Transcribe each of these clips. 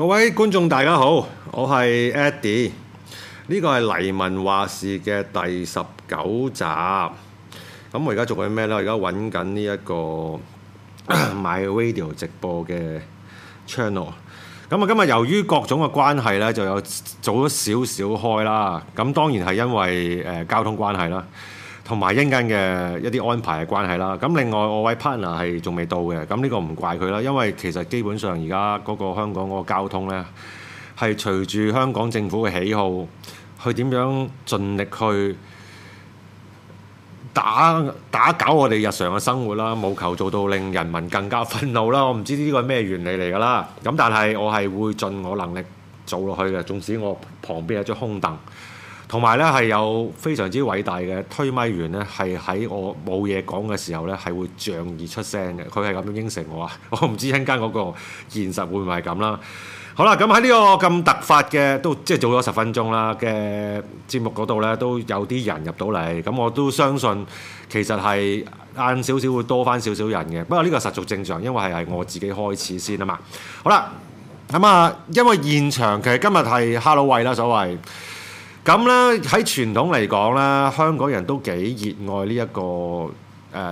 各位觀眾，大家好，我係 Eddie，呢個係黎民話事嘅第十九集。咁我而家做緊咩呢？我而家揾緊呢一個 MyRadio 直播嘅 channel。咁啊，今日由於各種嘅關係呢，就有早咗少少開啦。咁當然係因為誒交通關係啦。同埋因間嘅一啲安排嘅關係啦，咁另外我位 partner 係仲未到嘅，咁呢個唔怪佢啦，因為其實基本上而家嗰個香港嗰個交通呢，係隨住香港政府嘅喜好，去點樣盡力去打打攪我哋日常嘅生活啦，務求做到令人民更加憤怒啦，我唔知呢個係咩原理嚟㗎啦，咁但係我係會盡我能力做落去嘅，縱使我旁邊有張空凳。同埋咧係有非常之偉大嘅推咪員咧，係喺我冇嘢講嘅時候咧，係會仗義出聲嘅。佢係咁樣應承我啊！我唔知間間嗰個現實會唔會係咁啦。好啦，咁喺呢個咁突發嘅，都即係早咗十分鐘啦嘅節目嗰度咧，都有啲人入到嚟。咁我都相信其實係晏少少會多翻少少人嘅。不過呢個實屬正常，因為係係我自己開始先啊嘛。好啦，咁啊，因為現場其實今日係哈囉喂啦，所謂。咁咧喺傳統嚟講咧，香港人都幾熱愛呢一個誒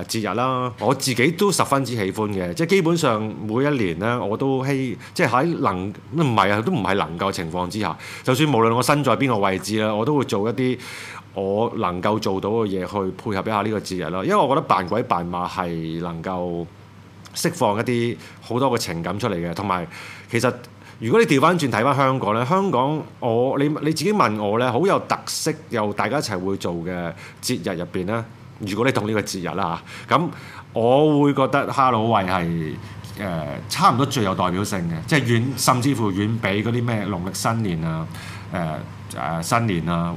節日啦。我自己都十分之喜歡嘅，即係基本上每一年咧我都希，即係喺能唔係啊，都唔係能夠情況之下，就算無論我身在邊個位置啦，我都會做一啲我能夠做到嘅嘢去配合一下呢個節日啦。因為我覺得扮鬼扮馬係能夠釋放一啲好多嘅情感出嚟嘅，同埋其實。如果你調翻轉睇翻香港咧，香港我你你自己問我咧，好有特色又大家一齊會做嘅節日入邊咧，如果你懂呢個節日啦嚇，咁、啊、我會覺得哈羅威係誒差唔多最有代表性嘅，即係遠甚至乎遠比嗰啲咩農曆新年啊、誒、呃、誒新年啊、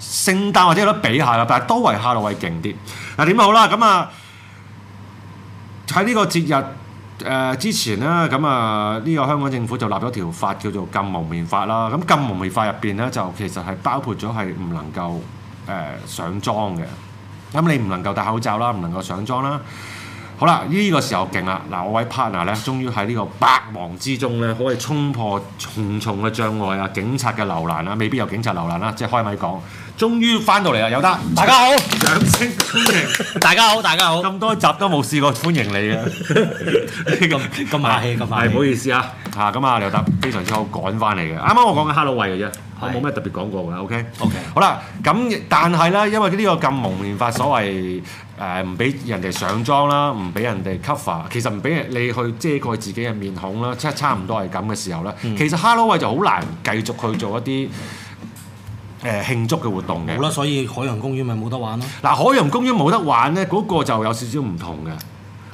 聖誕或者有得比下啦，但係都為哈羅威勁啲。嗱、啊、點好啦，咁啊喺呢個節日。誒、呃、之前咧，咁啊呢、這個香港政府就立咗條法叫做禁蒙面法啦。咁禁蒙面法入邊咧，就其實係包括咗係唔能夠誒、呃、上妝嘅。咁你唔能夠戴口罩啦，唔能夠上妝啦。好啦，呢、這個時候勁啦！嗱，我位 partner 咧，終於喺呢個百忙之中咧，可以衝破重重嘅障礙啊，警察嘅留難啦，未必有警察留難啦，即係開咪講。終於翻到嚟啦，尤達，大家好，掌聲歡迎大家好，大家好。咁多集都冇試過歡迎你嘅，咁咁客氣咁快，唔、啊、好意思啊！嚇咁啊！尤達非常之好趕翻嚟嘅。啱啱我講緊哈囉喂嘅啫，是我冇咩特別講過嘅。OK OK 好。好啦，咁但係咧，因為呢個禁蒙面法，所謂誒唔俾人哋上妝啦，唔俾人哋 cover，其實唔俾你去遮蓋自己嘅面孔啦，即係差唔多係咁嘅時候咧。嗯、其實哈囉喂就好難繼續去做一啲。誒慶祝嘅活動嘅，好啦，所以海洋公園咪冇得玩咯。嗱，海洋公園冇得玩咧，嗰、那個就有少少唔同嘅，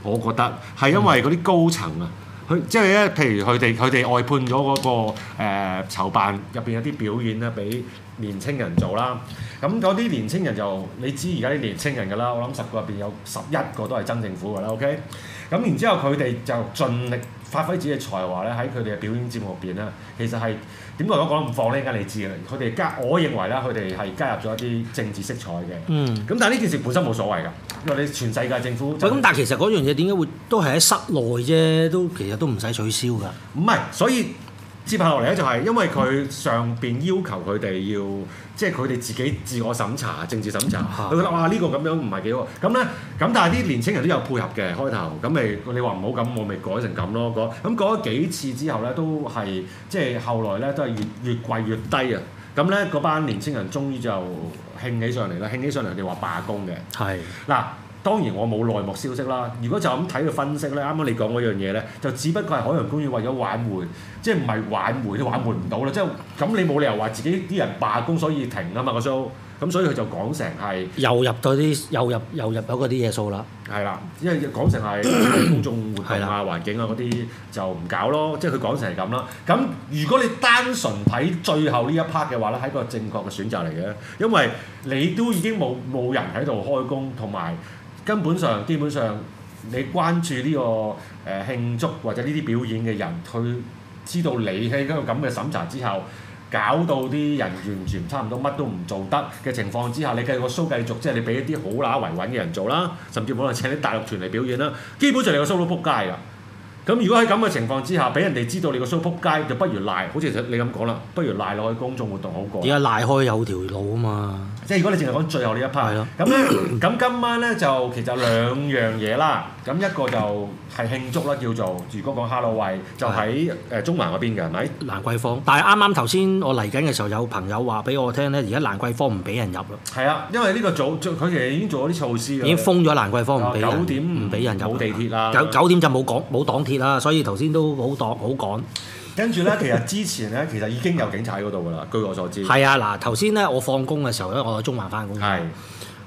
我覺得係因為嗰啲高層啊，佢、嗯、即係咧，譬如佢哋佢哋外判咗嗰、那個誒、呃、籌辦入邊有啲表演咧，俾年青人做啦。咁嗰啲年青人就你知而家啲年青人噶啦，我諗十個入邊有十一個都係憎政府噶啦。OK，咁然之後佢哋就盡力。發揮自己嘅才華咧，喺佢哋嘅表演節目入邊咧，其實係點嚟講講唔放咧，梗係你知嘅。佢哋加，我認為啦，佢哋係加入咗一啲政治色彩嘅。嗯。咁但係呢件事本身冇所謂㗎，因為你全世界政府、就係。咁、嗯、但係其實嗰樣嘢點解會都係喺室內啫？都其實都唔使取消㗎。唔係，所以。接下落嚟咧就係因為佢上邊要求佢哋要，即係佢哋自己自我審查政治審查，佢覺得哇、這個、這個呢個咁樣唔係幾好，咁咧咁但係啲年青人都有配合嘅，開頭，咁咪你話唔好咁，我咪改成咁咯，改咁改咗幾次之後咧都係即係後來咧都係越越貴越低啊，咁咧嗰班年青人終於就興起上嚟啦，興起上嚟佢哋話罷工嘅，係嗱是的。當然我冇內幕消息啦。如果就咁睇佢分析咧，啱啱你講嗰樣嘢咧，就只不過係海洋公園為咗挽回，即係唔係挽回都挽回唔到啦。即係咁你冇理由話自己啲人罷工所以停啊嘛。個數咁所以佢就講成係又入到啲又入又入到嗰啲嘢數啦。係啦，因為講成係公眾活動啊、 環境啊嗰啲就唔搞咯。即係佢講成係咁啦。咁如果你單純睇最後呢一 part 嘅話咧，係一個正確嘅選擇嚟嘅，因為你都已經冇冇人喺度開工同埋。根本上，基本上，你關注呢、這個誒、呃、慶祝或者呢啲表演嘅人，佢知道你喺嗰個咁嘅審查之後，搞到啲人完全差唔多乜都唔做得嘅情況之下，你繼續個 show 繼續，即係你俾一啲好乸維穩嘅人做啦，甚至可能請啲大陸團嚟表演啦，基本上你個 show 都撲街啦。咁如果喺咁嘅情況之下，俾人哋知道你個 show 撲街，就不如賴，好似你咁講啦，不如賴落去公眾活動好過。點解？賴開有條路啊嘛？即如果你淨係講最後一是的 呢一 part，咁咧，咁 今晚咧就其實兩樣嘢啦。咁一個就係慶祝啦，叫做如果講哈囉喂，就喺誒中環嗰邊嘅係咪蘭桂坊？但係啱啱頭先我嚟緊嘅時候有朋友話俾我聽咧，而家蘭桂坊唔俾人入咯。係啊，因為呢個早，佢其實已經做咗啲措施，已經封咗蘭桂坊，唔俾人唔俾 9 點 人入。冇地鐵啦，九九點就冇港冇港鐵啦，所以頭先都好擋好趕。跟住咧，其實之前咧，其實已經有警察喺嗰度噶啦。據我所知，係啊，嗱，頭先咧，我放工嘅時候咧，我喺中環翻工。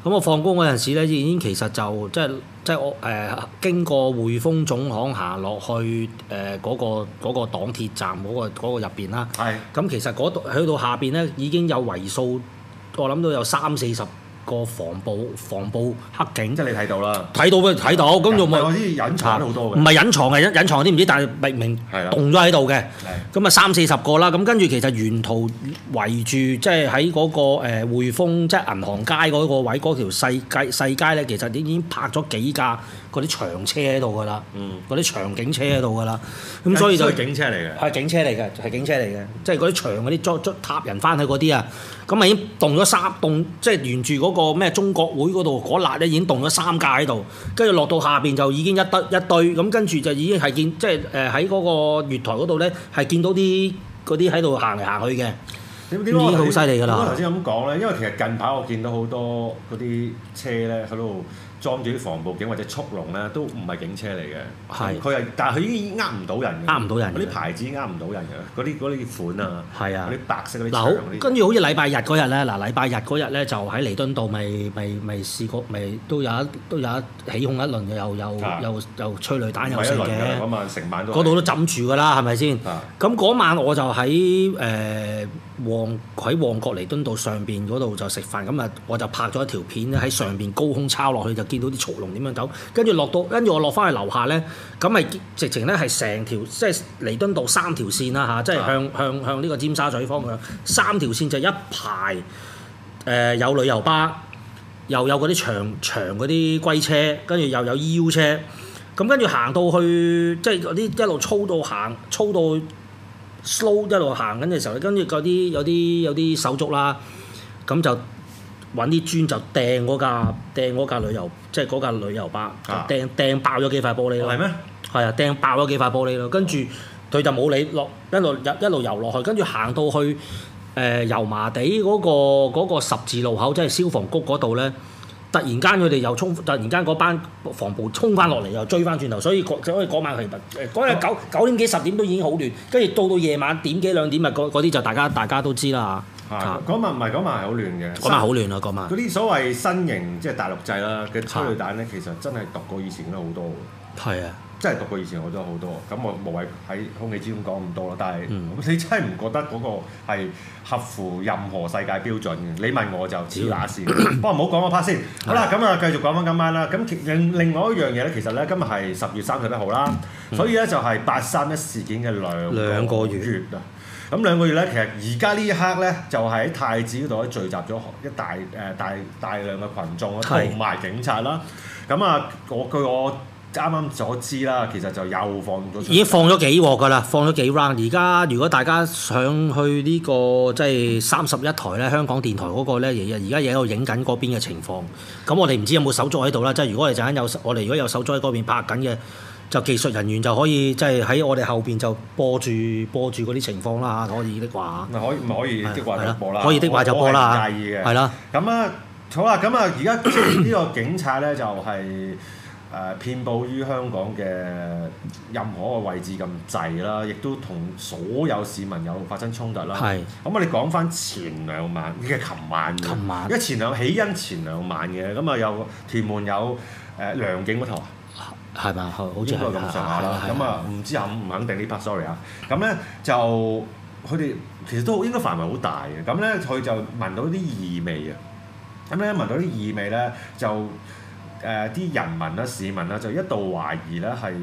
咁是我放工嗰陣時咧，已經其實就即係即係我誒經過匯豐總行行落去誒嗰、呃嗰個嗰、嗰個港鐵站嗰、嗰個嗰、嗰個入邊啦。咁是其實嗰度去到下邊咧，已經有位數，我諗到有三四十個防暴防暴黑警即係你睇到啦，睇到嘅睇到，咁用隱有啲隱藏好多嘅，唔係隱藏係隱隱藏啲唔知，但係明明動咗喺度嘅，咁啊的三四十個啦，咁跟住其實沿途圍住即係喺嗰個誒、呃、匯豐即係、就是、銀行街嗰個位嗰條細街細街咧，其實已經拍咗幾架。嗰啲長車喺度㗎啦，嗰啲、嗯、長警車喺度㗎啦，咁、嗯、所以就係警車嚟嘅，係警車嚟嘅，係警車嚟嘅，即係嗰啲長嗰啲捉裝塔人翻去嗰啲啊，咁已經動咗三棟，即係沿住嗰個咩中國會嗰度嗰攤咧已經動咗三架喺度，跟住落到下邊就已經一得一堆，咁跟住就已經係見即係誒喺嗰個月台嗰度咧係見到啲嗰啲喺度行嚟行去嘅，悉不悉不悉已經好犀利㗎啦嚇。頭先咁講咧，因為其實近排我見到好多嗰啲車咧喺度。裝住啲防暴警或者速龍咧，都唔係警車嚟嘅。係的，佢係、嗯，但係佢已經呃唔到人嘅，呃唔到人。嗰啲牌子呃唔到人嘅，嗰啲啲款啊。係啊的，嗰啲白色嗰啲。嗱好，跟住些好似禮拜日嗰日咧，嗱禮拜日嗰日咧就喺彌敦道咪咪咪試過咪都有都有起哄一輪又的又又又，又，又催淚彈又嘅。嗰晚成晚度都浸住㗎啦，係咪先？咁嗰晚我就喺誒。的旺，喺旺角彌敦道上邊嗰度就食飯，咁啊我就拍咗一條片咧，喺上邊高空抄落去就見到啲速龍點樣走，跟住落到跟住我落翻去樓下咧，咁咪直情咧係成條即係彌敦道三條線啦嚇，即係向向向呢個尖沙咀方向三條線就一排誒、呃、有旅遊巴，又有嗰啲長長嗰啲龜車，跟住又有 E U 車，咁跟住行到去即係嗰啲一路操到行操到。slow 一路行緊嘅時候，跟住嗰啲有啲有啲手足啦、啊，咁就揾啲磚就掟嗰架掟架旅遊，即係嗰架旅遊巴，掟掟、啊、爆咗幾塊玻璃咯。係咩、哦？係啊，掟爆咗幾塊玻璃咯。跟住佢就冇理落，一路一一路遊落去。跟住行到去誒油、呃、麻地嗰、那個那個十字路口，即係消防局嗰度咧。突然間佢哋又衝，突然間嗰班防暴衝翻落嚟又追翻轉頭，所以可所以嗰晚係誒嗰日九九點幾十點都已經好亂，跟住到到夜晚點幾兩點啊嗰啲就大家大家都知啦嚇。嗰晚唔係嗰晚係好亂嘅，嗰晚好亂啊嗰晚。嗰啲所謂新型即係大陸製啦嘅催淚彈咧，其實真係毒過以前咧好多嘅。係啊。真係讀過以前好多好多，咁我無謂喺空氣之中講咁多咯。但係，嗯、你真係唔覺得嗰個係合乎任何世界標準嘅？你問我就黐乸線。不過唔好講個 part 先。好啦，咁啊，繼續講翻今晚啦。咁、嗯、另另外一樣嘢咧，其實咧，今日係十月三十一號啦。所以咧，就係八三一事件嘅兩個月啦。咁兩個月咧，其實而家呢一刻咧，就喺、是、太子嗰度咧聚集咗一大誒大大量嘅群眾同埋警察啦。咁啊的，我據我。啱啱所知啦，其實就又放咗。已經放咗幾鑊噶啦，放咗幾 round。而家如果大家想去呢、呢個即係三十一台咧，香港電台嗰個咧，而而家而家喺度影緊嗰邊嘅情況。咁我哋唔知有冇手足喺度啦。即係如果我哋陣間有我哋如果有手足喺嗰邊拍緊嘅，就技術人員就可以即係喺我哋後邊就播住播住嗰啲情況啦。可以的話，可以可以的話就播啦。可以的話就播啦。介意嘅。係啦。咁啊的，好啦，咁啊，而家呢個警察咧就係、係。誒遍佈於香港嘅任何個位置咁滯啦，亦都同所有市民有發生衝突啦。咁係我哋講翻前兩晚，其實琴晚。琴晚。因為前兩起因前兩晚嘅，咁啊有屯門有誒良、呃、景嗰頭。係嘛，好似應該咁上下啦。咁啊，唔知肯唔肯定、Sorry、呢 part？Sorry 啊。咁咧就佢哋其實都應該範圍好大嘅。咁咧佢就聞到啲異味啊。咁咧聞到啲異味咧就。誒啲人民啦、市民啦，就一度懷疑咧係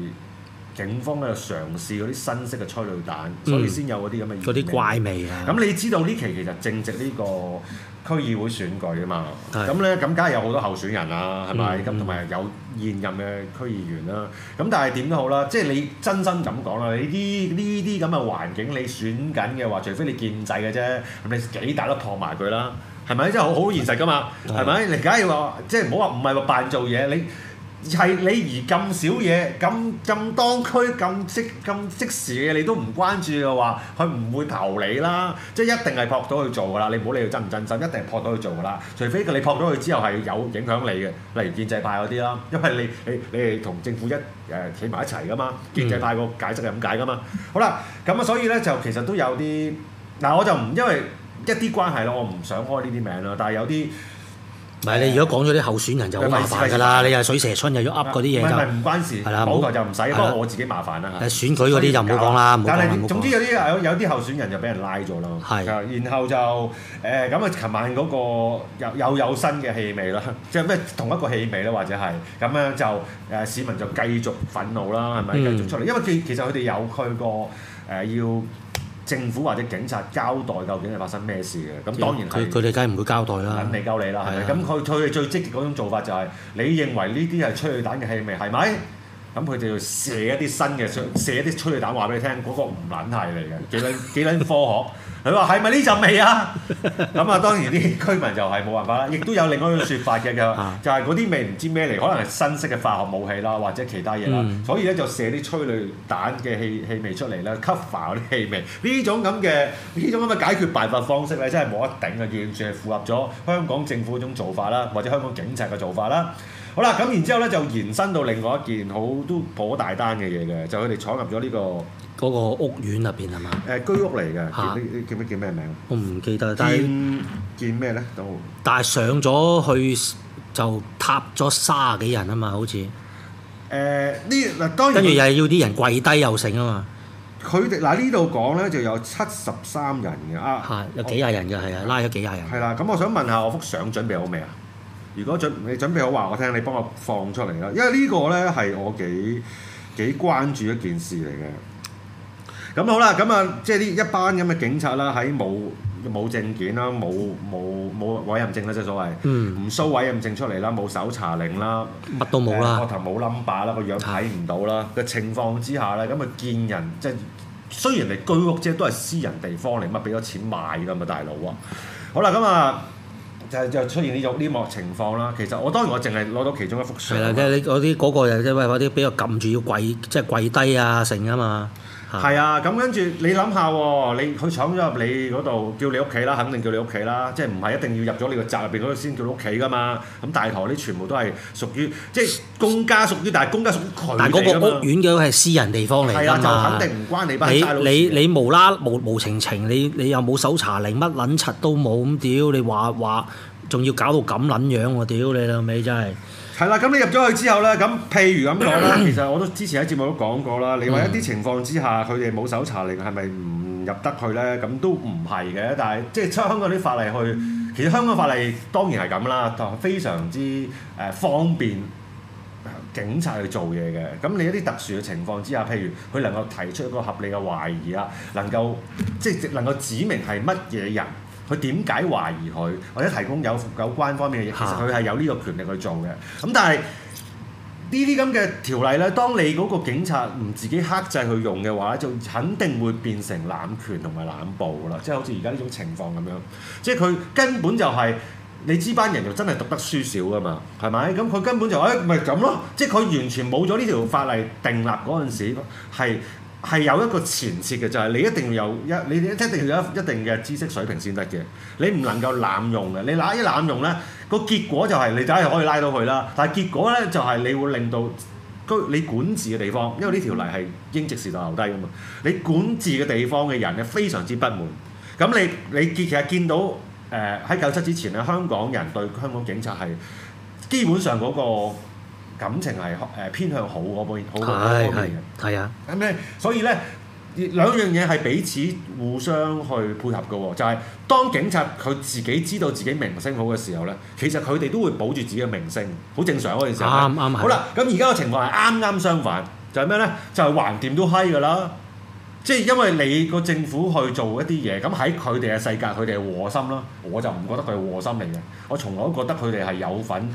警方喺度嘗試嗰啲新式嘅催淚彈，嗯、所以先有嗰啲咁嘅。嗰啲怪味咁、啊、你知道呢期其實正值呢個區議會選舉啊嘛，咁咧咁梗係有好多候選人啦、啊，係咪、嗯？咁同埋有現任嘅區議員啦，咁、嗯嗯、但係點都好啦，即、就、係、是、你真心咁講啦，你啲呢啲咁嘅環境你選緊嘅話，除非你建制嘅啫，咁你幾大都破埋佢啦！係咪？真係好好現實噶嘛？係咪、嗯？你梗係要話即係唔好話唔係話扮做嘢，你係你而咁少嘢咁咁當區咁即咁即時嘅你都唔關注嘅話，佢唔會投你啦。即係一定係撲到去做㗎啦。你唔好理佢真唔真心，一定係撲到去做㗎啦。除非你撲到佢之後係有影響你嘅，例如建制派嗰啲啦，因為你你你係同政府一誒企埋一齊㗎嘛。建制派個解釋係咁解㗎嘛。嗯、好啦，咁所以咧就其實都有啲嗱，我就唔因為。一啲關係咯，我唔想開呢啲名咯，但係有啲唔係你如果講咗啲候選人就好麻煩㗎啦，你又水蛇春又要噏嗰啲嘢就唔關事，保台就唔使，不過我自己麻煩啦。選舉嗰啲就唔好講啦，但係總之有啲有啲候選人就俾人拉咗咯。然後就誒咁啊，琴晚嗰個又又有新嘅氣味啦，即係咩同一個氣味咧，或者係咁樣就誒市民就繼續憤怒啦，係咪繼續出嚟？因為其實佢哋有去過誒要。政府或者警察交代究竟係發生咩事嘅？咁當然佢哋梗係唔會交代啦，揾你鳩你啦，係咪？咁佢佢哋最積極嗰種做法就係、是，你認為呢啲係催淚彈嘅氣味係咪？是咁佢就要射一啲新嘅，射一啲催淚彈話俾你聽，嗰、那個唔撚係嚟嘅，幾撚幾撚科學。佢話係咪呢陣味啊？咁啊，當然啲居民就係冇辦法啦。亦都有另外一種説法嘅，就就係嗰啲味唔知咩嚟，可能係新式嘅化學武器啦，或者其他嘢啦。嗯、所以咧就射啲催淚彈嘅氣氣味出嚟咧，cover 啲氣味。呢種咁嘅呢種咁嘅解決辦法方式咧，真係冇得頂啊！完全係符合咗香港政府嗰種做法啦，或者香港警察嘅做法啦。好啦，咁然之後咧就延伸到另外一件好都頗大單嘅嘢嘅，就佢哋闖入咗呢個嗰個屋苑入邊係嘛？誒居屋嚟嘅。叫咩叫咩名？我唔記得。建建咩咧？都但係上咗去就塌咗卅幾人啊嘛，好似誒呢，當然跟住又要啲人跪低又成啊嘛。佢哋嗱呢度講咧就有七十三人嘅啊，啊，有幾廿人嘅係啊，拉咗幾廿人。係啦，咁我想問下我幅相準備好未啊？啊啊啊如果準你準備好話我聽，你幫我放出嚟啦，因為呢個咧係我幾幾關注一件事嚟嘅。咁好啦，咁啊，即係呢一班咁嘅警察啦，喺冇冇證件啦，冇冇冇委任證啦，即係所謂，唔 show、嗯、show 委任證出嚟啦，冇搜查令啦，乜都冇啦、呃，個頭冇冧把 m 啦，個樣睇唔到啦，個情況之下咧，咁啊見人即係雖然係居屋即啫，都係私人地方嚟，乜俾咗錢買㗎嘛，大佬啊，好啦，咁啊。嗯就就出現呢種呢幕情況啦，其實我當然我淨係攞到其中一幅相。係啦，即係你嗰啲嗰個又即係喂，嗰啲比較撳住要跪，即係跪低啊，成啊嘛。係啊，咁跟住你諗下喎，你佢闖咗入你嗰度，叫你屋企啦，肯定叫你屋企啦，即係唔係一定要入咗你個宅入邊嗰度先叫屋企噶嘛？咁大堂啲全部都係屬於即係公家屬於，但係公家屬於但係嗰個屋苑嘅係私人地方嚟㗎嘛，係啊。就肯定唔關你班差佬事啊，你你你，你無啦無無情情，你你又冇搜查令，乜撚柒都冇咁屌，你話話仲要搞到咁撚樣喎屌你老味真係～係啦，咁你入咗去之後咧，咁譬如咁講啦，其實我都之前喺節目都講過啦。你話一啲情況之下，佢哋冇搜查令係咪唔入得去咧？咁都唔係嘅，但係即係出香港啲法例去。其實香港法例當然係咁啦，但係非常之誒方便警察去做嘢嘅。咁你一啲特殊嘅情況之下，譬如佢能夠提出一個合理嘅懷疑啊，能夠即係能夠指明係乜嘢人。佢點解懷疑佢或者提供有有關方面嘅嘢？其實佢係有呢個權力去做嘅。咁但係呢啲咁嘅條例咧，當你嗰個警察唔自己克制去用嘅話，就肯定會變成濫權同埋濫捕啦。即係好似而家呢種情況咁樣，即係佢根本就係、是、你知班人就真係讀得書少㗎嘛，係咪？咁佢根本就誒咪咁咯，即係佢完全冇咗呢條法例定立嗰陣時咯，係。係有一個前設嘅，就係、是、你一定要有一，你一定要有一定嘅知識水平先得嘅。你唔能夠濫用嘅，你嗱一濫用咧，個結果就係你就可以拉到佢啦，但係結果咧就係你會令到居你管治嘅地方，因為呢條例係英殖時代留低嘅嘛。你管治嘅地方嘅人咧，非常之不滿。咁你你其實見到誒喺九七之前咧，香港人對香港警察係基本上嗰、那個。感情係誒、呃、偏向好嗰邊，好嗰方面啊。咁咧，所以咧，兩樣嘢係彼此互相去配合嘅喎、哦。就係、係、當警察佢自己知道自己名聲好嘅時候咧，其實佢哋都會保住自己嘅名聲，好正常嗰陣時啱啱係。好啦，咁而家個情況係啱啱相反，就係咩咧？就係橫掂都閪嘅啦。即係因為你個政府去做一啲嘢，咁喺佢哋嘅世界，佢哋係和心啦。我就唔覺得佢係和心嚟嘅，我從來都覺得佢哋係有份。誒、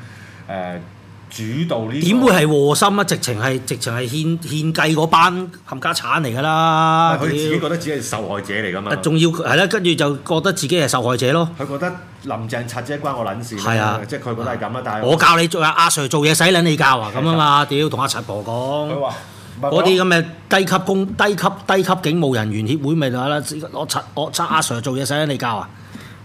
呃。點、這個、會係和心啊？直情係直情係獻獻計嗰班冚家產嚟㗎啦！佢、啊、要自己覺得自己係受害者嚟㗎嘛？仲要係啦，跟住、啊、就覺得自己係受害者咯。佢覺得林鄭柒啫，關我撚事。係啊，即係佢覺得係咁啊。但係我，我教你做阿阿、啊、Sir 做嘢使捻你教啊？咁啊嘛，屌同阿柒婆講。佢話說：嗰啲咁嘅低級工、低級低級警務人員協會咪就係啦，攞柒阿 Sir 做嘢使捻你教啊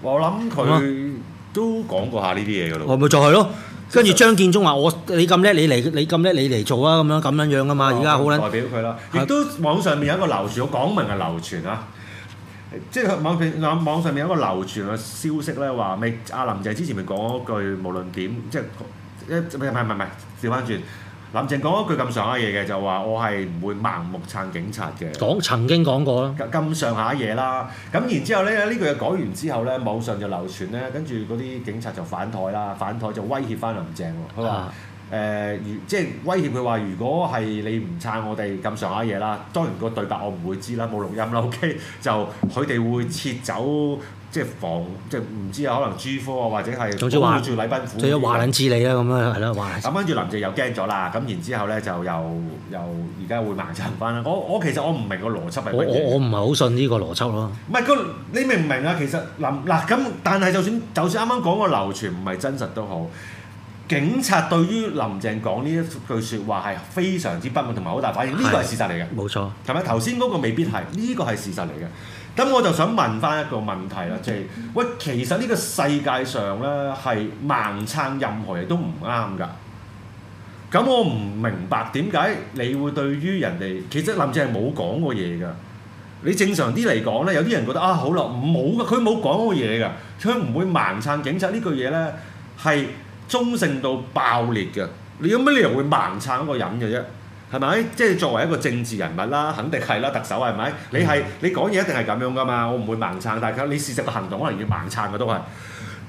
言言？我諗佢都講過下呢啲嘢㗎啦。我咪再去咯。跟住張建宗話：我你咁叻，你嚟你咁叻，你嚟做啊！咁樣咁樣樣噶嘛，而家好撚代表佢啦。亦都網上面有一個流傳，我講明係流傳啊，即係網,網上面有一個流傳嘅消息咧，話咪阿林鄭之前咪講一句，無論點即係一唔係唔係唔係，調翻轉。林鄭講咗句咁上下嘢嘅，就話我係唔會盲目撐警察嘅。講曾經講過啦。咁上下嘢啦，咁然之後咧，呢句嘢講完之後咧，網上就流傳咧，跟住嗰啲警察就反台啦，反台就威脅翻林鄭喎，佢話。啊誒，如即係威脅佢話，如果係你唔撐我哋咁上下嘢啦，當然個對白我唔會知啦，冇錄音啦，OK？就佢哋會撤走，即係防，即係唔知啊，可能 G 科啊，或者係總之話做禮賓府，總之話撚知你啦咁樣，係咯話。咁跟住林鄭又驚咗啦，咁然之後咧就又又而家會盲撐翻啦。我我其實我唔明個邏輯係乜嘢。我我我唔係好信呢個邏輯咯。唔係你明唔明啊？其實嗱咁，但係就算就算啱啱講個流傳唔係真實都好。警察對於林鄭講呢一句説話係非常之不滿，同埋好大反應。呢個係事實嚟嘅，冇錯。係咪頭先嗰個未必係？呢個係事實嚟嘅。咁我就想問翻一個問題啦，即係喂，其實呢個世界上咧係盲撐任何嘢都唔啱㗎。咁我唔明白點解你會對於人哋其實林鄭係冇講過嘢㗎？你正常啲嚟講咧，有啲人覺得啊，好啦，冇㗎，佢冇講過嘢㗎，佢唔會盲撐警察呢句嘢咧，係。中性到爆裂嘅，你有乜理由會盲撐嗰個人嘅啫？係咪？即係作為一個政治人物啦，肯定係啦，特首係咪？你係你講嘢一定係咁樣噶嘛？我唔會盲撐大家，你事實嘅行動可能要盲撐嘅都係。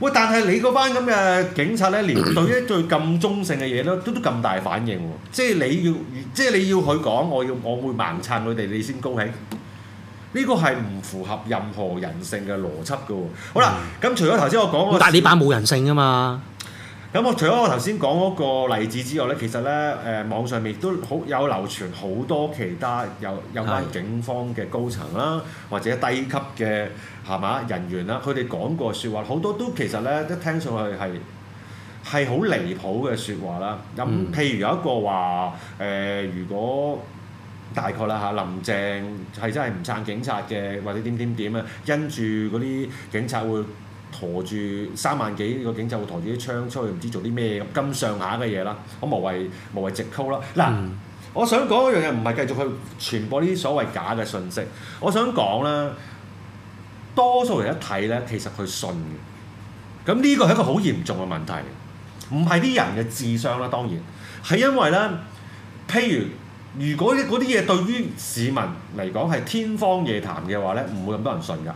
喂，但係你嗰班咁嘅警察咧，連對一對咁中性嘅嘢咧，都都咁大反應喎。即係你要，即係你要佢講，我要我會盲撐佢哋，你先高興。呢個係唔符合任何人性嘅邏輯噶。好啦，咁除咗頭先我講，但係你班冇人性噶嘛。咁我除咗我頭先講嗰個例子之外咧，其實咧誒，網上面都好有流傳好多其他有有關警方嘅高層啦，是的 或者低級嘅係嘛人員啦，佢哋講過説話，好多都其實咧一聽上去係係好離譜嘅説話啦。咁、嗯、譬如有一個話誒、呃，如果大概啦嚇，林鄭係真係唔撐警察嘅，或者點點點啊，因住嗰啲警察會。駝住三萬幾個警察會駝住啲槍出去，唔知做啲咩咁上下嘅嘢啦，咁無謂無謂直溝啦。嗱，嗯、我想講一樣嘢，唔係繼續去傳播呢啲所謂假嘅信息。我想講啦，多數人一睇咧，其實佢信嘅。咁呢個係一個好嚴重嘅問題，唔係啲人嘅智商啦，當然係因為咧，譬如如果嗰啲嘢對於市民嚟講係天方夜譚嘅話咧，唔會咁多人信㗎。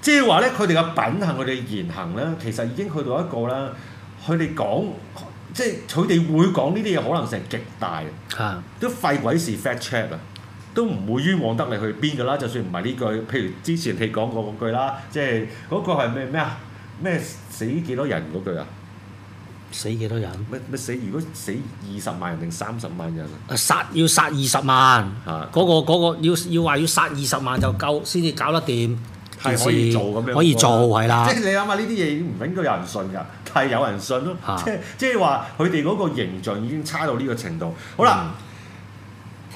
即係話咧，佢哋嘅品行，佢哋言行咧，其實已經去到一個啦。佢哋講，即係佢哋會講呢啲嘢，可能性極大。嚇！是的 都廢鬼事 fact check 啊，是的 都唔會冤枉得你去邊㗎啦。就算唔係呢句，譬如之前你講過嗰句啦，即係嗰個係咩咩啊？咩死幾多人嗰句啊？死幾多人？咩咩死？如果死二十萬人定三十萬人啊？殺要殺二十萬。嚇是的、嗰個！嗰、嗰個要要話要殺二十萬就夠先至搞得掂。係可以做咁樣，可以做係啦。即係你諗下呢啲嘢，唔應該有人信㗎，但係有人信咯。即係即係話佢哋嗰個形象已經差到呢個程度。好啦。嗯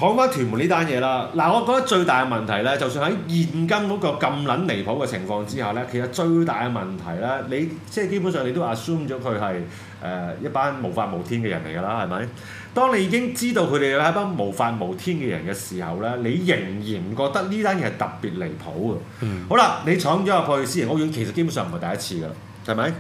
講翻屯門呢單嘢啦，嗱，我覺得最大嘅問題咧，就算喺現今嗰個咁撚離譜嘅情況之下咧，其實最大嘅問題咧，你即係基本上你都 assume 咗佢係誒、呃、一班無法無天嘅人嚟㗎啦，係咪？當你已經知道佢哋係一班無法無天嘅人嘅時候咧，你仍然覺得呢單嘢係特別離譜㗎。嗯、好啦，你闖咗入去私人屋苑，其實基本上唔係第一次㗎啦，係咪？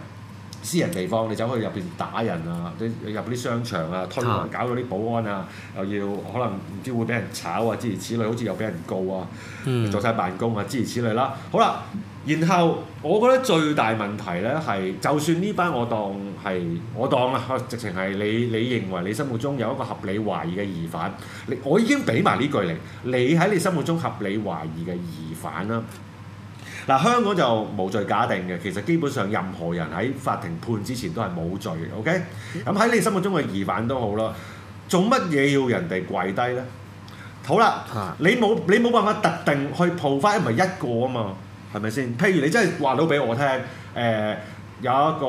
私人地方你走去入邊打人啊，你入啲商場啊，推門搞到啲保安啊，又要可能唔知會俾人炒啊，諸如此類，好似又俾人告啊，嗯、做晒辦公啊，諸如此類啦。好啦，然後我覺得最大問題咧係，就算呢班我當係我當啊，直情係你你認為你心目中有一個合理懷疑嘅疑犯，你我已經俾埋呢句你，你喺你心目中合理懷疑嘅疑犯啦。嗱，香港就無罪假定嘅，其實基本上任何人喺法庭判之前都係冇罪，OK？嘅。咁喺你心目中嘅疑犯都好啦，做乜嘢要人哋跪低咧？好啦、啊，你冇你冇辦法特定去抱翻，唔係一個啊嘛，係咪先？譬如你真係話到俾我聽，誒、呃、有一個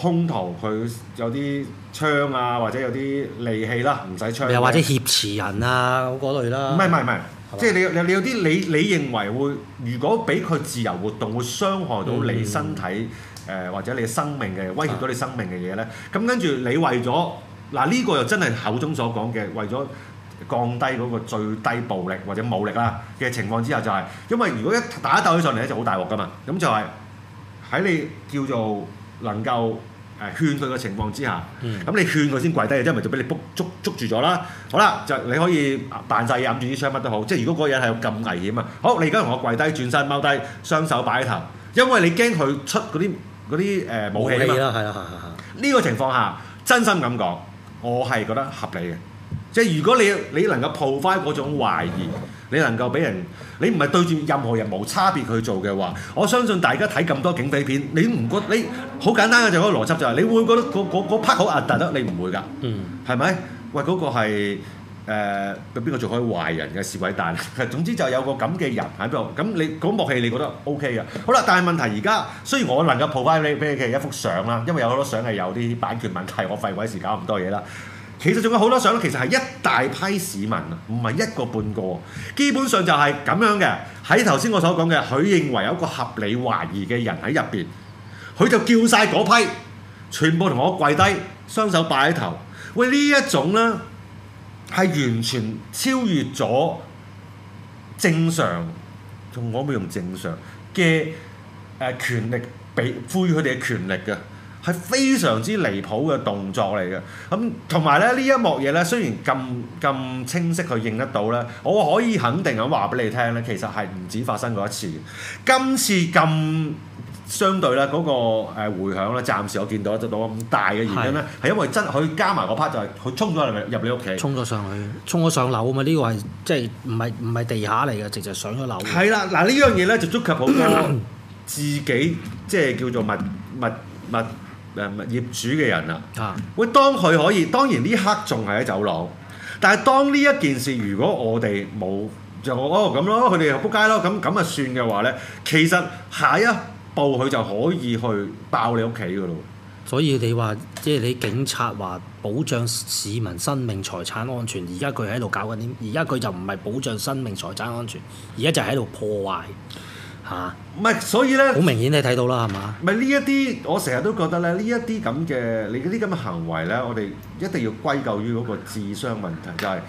兇徒佢有啲槍啊，或者有啲利器啦、啊，唔使槍、啊，又或者挾持人啊嗰類啦、啊，唔係唔係唔係。即係你你有啲你你認為會如果俾佢自由活動會傷害到你身體，誒、嗯呃、或者你生命嘅威脅到你生命嘅嘢咧，咁、嗯、跟住你為咗嗱呢個又真係口中所講嘅為咗降低嗰個最低暴力或者武力啦嘅情況之下、就係，就係因為如果一打鬥起上嚟咧就好大鑊噶嘛，咁就係喺你叫做能夠。誒勸佢嘅情況之下，咁、嗯、你勸佢先跪低，即係唔係就俾你卜捉捉住咗啦？好啦，就你可以扮晒嘢，掩住啲槍乜都好。即係如果嗰個人係咁危險啊，好，你而家同我跪低，轉身踎低，雙手擺喺頭，因為你驚佢出嗰啲啲誒武器。呢個情況下，真心咁講，我係覺得合理嘅。即係如果你你能夠破翻嗰種懷疑。你能夠俾人，你唔係對住任何人無差別去做嘅話，我相信大家睇咁多警匪片，你唔覺你好簡單嘅就嗰個邏輯就係，你會覺得嗰嗰 part 好核突咯，你唔會㗎，係咪、嗯？喂，嗰、嗰個係誒對邊個做開壞人嘅示鬼彈？ 總之就有個咁嘅人喺度，咁你嗰幕戲你覺得 O K 嘅，好啦。但係問題而家，雖然我能夠 provide 俾你嘅一幅相啦，因為有好多相係有啲版權問題，我廢鬼事搞咁多嘢啦。其實仲有好多相，其實係一大批市民啊，唔係一個半個，基本上就係咁樣嘅。喺頭先我所講嘅，佢認為有個合理懷疑嘅人喺入邊，佢就叫晒嗰批全部同我跪低，雙手擺喺頭。喂，呢一種呢，係完全超越咗正常，同我唔好用正常嘅誒、呃、權力俾賦予佢哋嘅權力嘅。係非常之離譜嘅動作嚟嘅，咁同埋咧呢一幕嘢咧，雖然咁咁清晰去認得到咧，我可以肯定咁話俾你聽咧，其實係唔止發生過一次嘅。今次咁相對咧嗰、那個誒迴響咧，暫時我見到得到咁大嘅原因咧，係是因為真佢加埋個 part 就係、是、佢衝咗入你屋企，衝咗上去，衝咗上樓啊嘛！呢、這個係即係唔係唔係地下嚟嘅，直接上咗樓。係啦，嗱呢樣嘢咧就足夠好多自己即係叫做物物物。誒業主嘅人啦，會、啊、當佢可以，當然呢刻仲係喺走廊，但係當呢一件事如果我哋冇就我哦咁咯，佢哋又仆街咯，咁咁啊算嘅話咧，其實下一步佢就可以去爆你屋企噶咯。所以你話即係你警察話保障市民生命財產安全，而家佢喺度搞緊啲，而家佢就唔係保障生命財產安全，而家就喺度破壞。嚇！唔係、啊，所以咧，好明顯你睇到啦，係嘛？唔係呢一啲，我成日都覺得咧，呢一啲咁嘅你啲咁嘅行為咧，我哋一定要歸咎於嗰個智商問題，就係、是、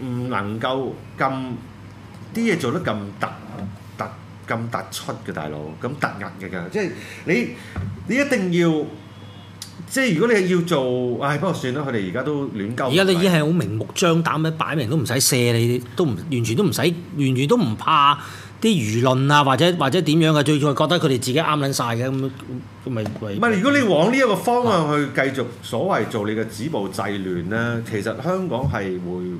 你唔能夠咁啲嘢做得咁突突咁突出嘅大佬，咁突兀嘅㗎，即、就、係、是、你你一定要即係、就是、如果你係要做，唉，不過算啦，佢哋而家都亂鳩。而家你已經係好明目張膽咁樣擺明都唔使卸你，都唔完全都唔使，完全都唔怕。啲輿論啊，或者或者點樣嘅，最仲覺得佢哋自己啱撚晒嘅咁，咁咪咪？唔係，如果你往呢一個方向去繼續所謂做你嘅止暴制亂咧，啊、其實香港係會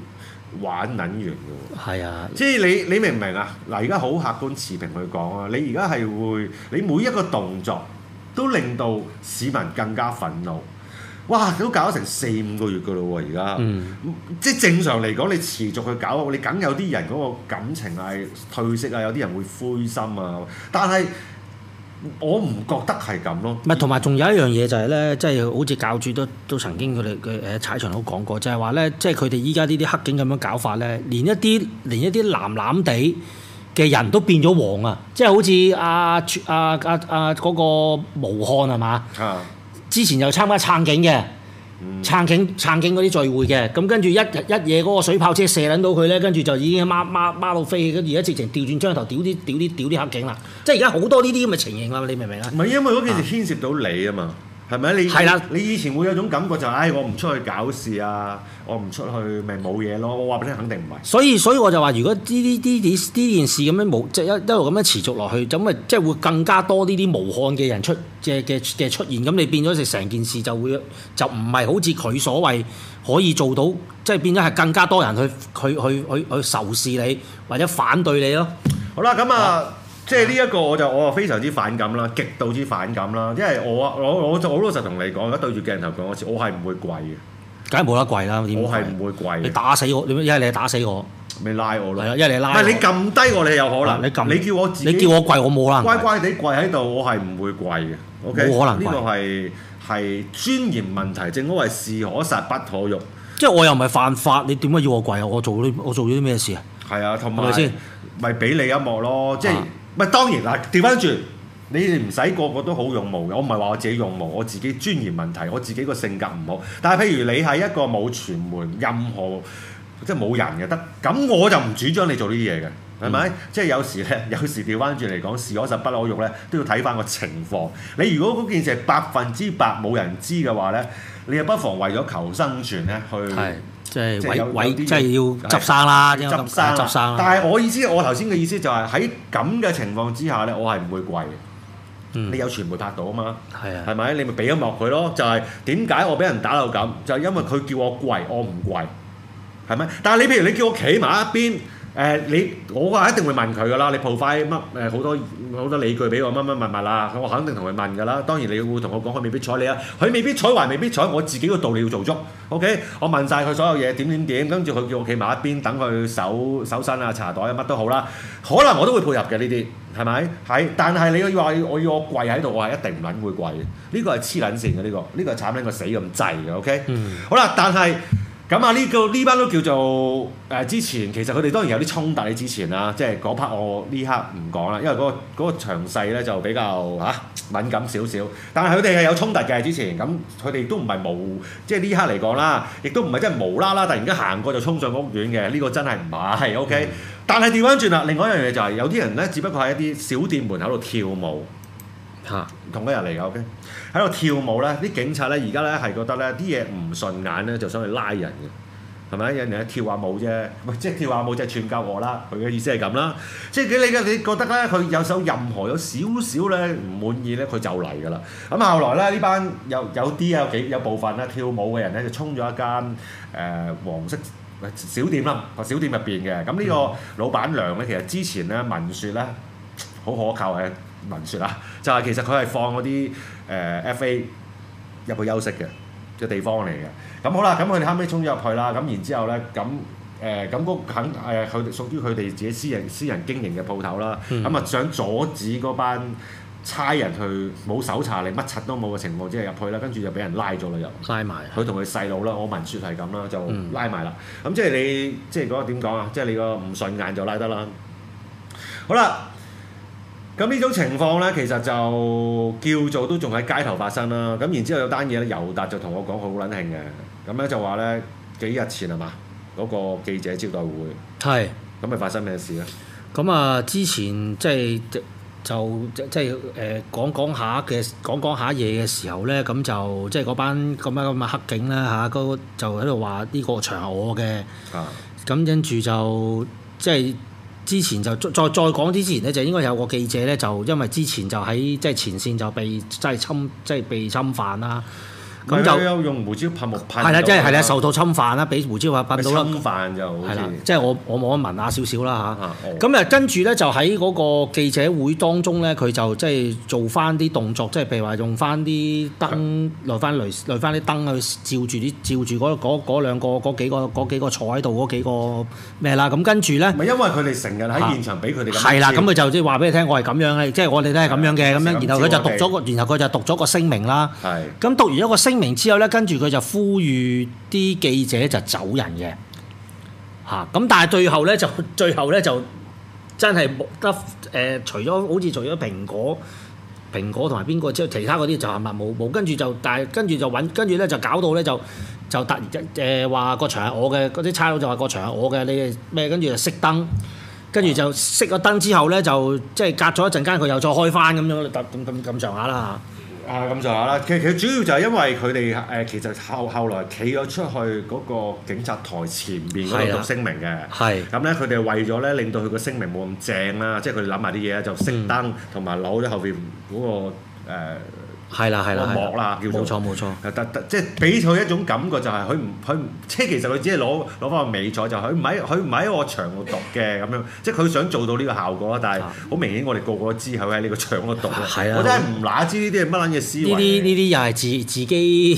玩撚完嘅。係啊，即係你你明唔明啊？嗱，而家好客觀持平去講啊，你而家係會，你每一個動作都令到市民更加憤怒。哇！都搞咗成四五個月噶咯喎，而家，嗯、即係正常嚟講，你持續去搞，你梗有啲人嗰個感情係褪色啊，有啲人會灰心啊。但係我唔覺得係咁咯。唔係，同埋仲有一樣嘢就係咧，即係好似教主都都曾經佢哋佢誒踩場都講過，就係話咧，即係佢哋依家呢啲黑警咁樣搞法咧，連一啲連一啲藍藍地嘅人都變咗黃啊！即係好似阿阿阿阿嗰個無漢係嘛？之前又參加撐警嘅、嗯，撐警撐警嗰啲聚會嘅，咁跟住一日一夜嗰個水炮車射撚到佢咧，跟住就已經孖孖孖路飛起，咁而家直情調轉槍頭屌啲屌啲屌啲黑警啦，即係而家好多呢啲咁嘅情形啦，你明唔明啊？唔係因為嗰件事牽涉到你啊嘛。係咪你？係啦，你以前會有種感覺就係，唉，我唔出去搞事啊，我唔出去咪冇嘢咯。我話俾你肯定唔係。所以所以我就話，如果呢呢呢呢呢件事咁樣無，即係一一路咁樣持續落去，咁咪即係會更加多呢啲無漢嘅人出嘅嘅嘅出現，咁你變咗成件事就會就唔係好似佢所謂可以做到，即係變咗係更加多人去去去去去去仇視你或者反對你咯。好啦，咁啊。即係呢一個我就我就非常之反感啦，極度之反感啦。因為我我我就老實同你講，而家對住鏡頭講我係唔會跪嘅。梗係冇得跪啦，我係唔會跪。你打死我，因為你打死我，你拉我啦。係啦、啊，一係你拉。唔係你撳低我，你有可能。你撳按你叫我自己你叫我跪，我冇啦。乖乖地跪喺度，我係唔會跪嘅。O、okay? 冇可能。呢個係係尊嚴問題，正所謂士可殺，不可辱。即係我又唔係犯法，你點解要我跪啊？我做我做咗啲咩事啊？係啊，同埋先咪俾你一幕咯，即係。啊。唔係當然啦，調翻轉，你哋唔使個個都好勇武嘅。我唔係話我自己勇武，我自己尊嚴問題，我自己個性格唔好。但係譬如你係一個冇傳媒、任何即係冇人嘅得，咁我就唔主張你做呢啲嘢嘅，係咪？嗯、即係有時咧，有時調翻轉嚟講，士可殺不可辱咧，都要睇翻個情況。你如果嗰件事係百分之百冇人知嘅話咧，你又不妨為咗求生存咧去。即係即係要執生啦，執生執生。執生啦，但係我意思，我頭先嘅意思就係喺咁嘅情況之下呢，我係唔會跪嘅。嗯、你有傳媒拍到啊嘛？係啊，係咪？你咪俾咗落佢咯？就係點解我俾人打到咁？就係因為佢叫我跪，我唔跪，係咪？但係你譬如你叫我企埋一邊。誒、呃、你我話一定會問佢㗎啦，你 provide 乜誒好多好多理據俾我乜乜物物啦，我肯定同佢問㗎啦。當然你會同我講佢未必睬你啊，佢未必睬還未必睬我，我自己個道理要做足。OK，我問晒佢所有嘢點點點，跟住佢叫我企埋一邊等佢搜搜身啊、查袋啊乜都好啦。可能我都會配合嘅呢啲，係咪？係。但係你話我，我要我跪喺度，我係一定唔撚會跪。呢個係黐撚線嘅呢個，呢、呢個慘啲過死咁滯嘅。OK、嗯、好啦，但係。咁啊，呢個呢班都叫做誒、呃，之前其實佢哋當然有啲衝突。喺之前啦、啊，即係嗰 part 我呢刻唔講啦，因為嗰、嗰個嗰、嗰個詳細咧就比較嚇、啊、敏感少少。但係佢哋係有衝突嘅之前，咁佢哋都唔係無，即係呢刻嚟講啦，亦都唔係真係無啦啦突然間行過就衝上屋苑嘅。呢、呢個真係唔係 OK。嗯、但係調翻轉啦，另外一樣嘢就係、是、有啲人咧，只不過喺一啲小店門口度跳舞。同嘅人嚟嘅，OK。喺度跳舞咧，啲警察咧，而家咧係覺得咧啲嘢唔順眼咧，就想去拉人嘅，係咪？有人咧跳下舞啫，唔即係跳下舞就係串鳩我啦。佢嘅意思係咁啦，即係你嘅你覺得咧，佢有任何有少少咧唔滿意咧，佢就嚟嘅啦。咁後來咧，呢班有有啲有幾有部分咧跳舞嘅人咧，就衝咗一間誒、呃、黃色小店啦，小店入邊嘅。咁呢個老闆娘咧，其實之前咧聞説咧，好可靠嘅。聞説啊，就係、是、其實佢係放嗰啲誒 FA 入去休息嘅嘅地方嚟嘅。咁好啦，咁佢哋後尾衝咗入去啦。咁然之後咧，咁誒咁嗰肯誒佢哋屬於佢哋自己私人私人經營嘅鋪頭啦。咁啊、嗯、想阻止嗰班差人去冇搜查，你乜柒都冇嘅情況之下入去啦。跟住就俾人拉咗啦，又拉埋佢同佢細佬啦。我聞説係咁啦，就拉埋啦。咁、嗯、即係你即係講點講啊？即係你個唔順眼就拉得啦。好啦。好咁呢種情況咧，其實就叫做都仲喺街頭發生啦、啊。咁然之後，後有單嘢咧，尤達就同我講好撚興嘅。咁咧就話咧幾日前吖嘛嗰個記者招待會，係咁咪發生咩事咧？咁啊，之前即係就即係誒講講下嘅講講下嘢嘅時候咧，咁就即係嗰班咁樣咁嘅黑警啦嚇，都就喺度話呢個場係我嘅。啊是的，咁跟住就即係。之前就再再講，之前咧，就應該有個記者咧，就因為之前就喺即係前線，就被即係侵即係被侵犯啦。咁就有用胡椒噴霧噴。係啦，即係係啦，受到侵犯啦，俾胡椒噴到受到侵犯就係啦。即係我我冇乜聞，聞下少少啦吓，咁啊，啊、哦、跟住咧就喺嗰個記者會當中咧，佢就即係做翻啲動作，即係譬如話用翻啲燈來翻的雷來翻啲燈去照住啲照住嗰嗰嗰兩個嗰幾個嗰幾，幾個坐喺度嗰幾個咩啦？咁跟住咧。咪因為佢哋成日喺現場俾佢哋咁。係啦，咁佢就即係話俾你聽，就是、我係咁樣嘅，即係我哋都係咁樣嘅，咁樣的。然後佢就讀咗的個，然後佢就讀咗個聲明啦。係的。咁讀完一個聲明。聲明之後咧，跟住佢就呼籲啲記者就走人嘅，吓、啊、咁但係最後咧就最後咧就真係得誒、呃、除咗好似除咗蘋果蘋果同埋邊個之後其他嗰啲就係咪冇冇？跟住就但係跟住就搵跟住咧就搞到咧就就突然誒話個場係我嘅，嗰啲差佬就話個場係我嘅，你咩？跟住就熄燈，跟住就熄咗燈之後咧就即係隔咗一陣間佢又再開翻咁樣，咁咁咁上下啦吓。啊，咁就係、是、啦。其實其實主要就係因為佢哋誒，其實後後來企咗出去嗰個警察台前面嗰度，讀聲明嘅。咁咧，佢哋為咗咧令到佢個聲明冇咁正啦，即係佢哋諗埋啲嘢就熄、是、燈同埋扭咗後邊嗰、那個誒。呃係啦係啦，幕啦叫做冇錯冇錯，特特即係俾佢一種感覺、就係，就係佢唔佢即係其實佢只係攞攞返個美彩，就佢唔喺佢唔喺我腸度讀嘅咁 樣，即係佢想做到呢個效果，但係好明顯我哋個個都知，佢喺你個腸度讀。係啊的，我真係唔乸知呢啲係乜撚嘅思維。呢啲呢啲又係自自己，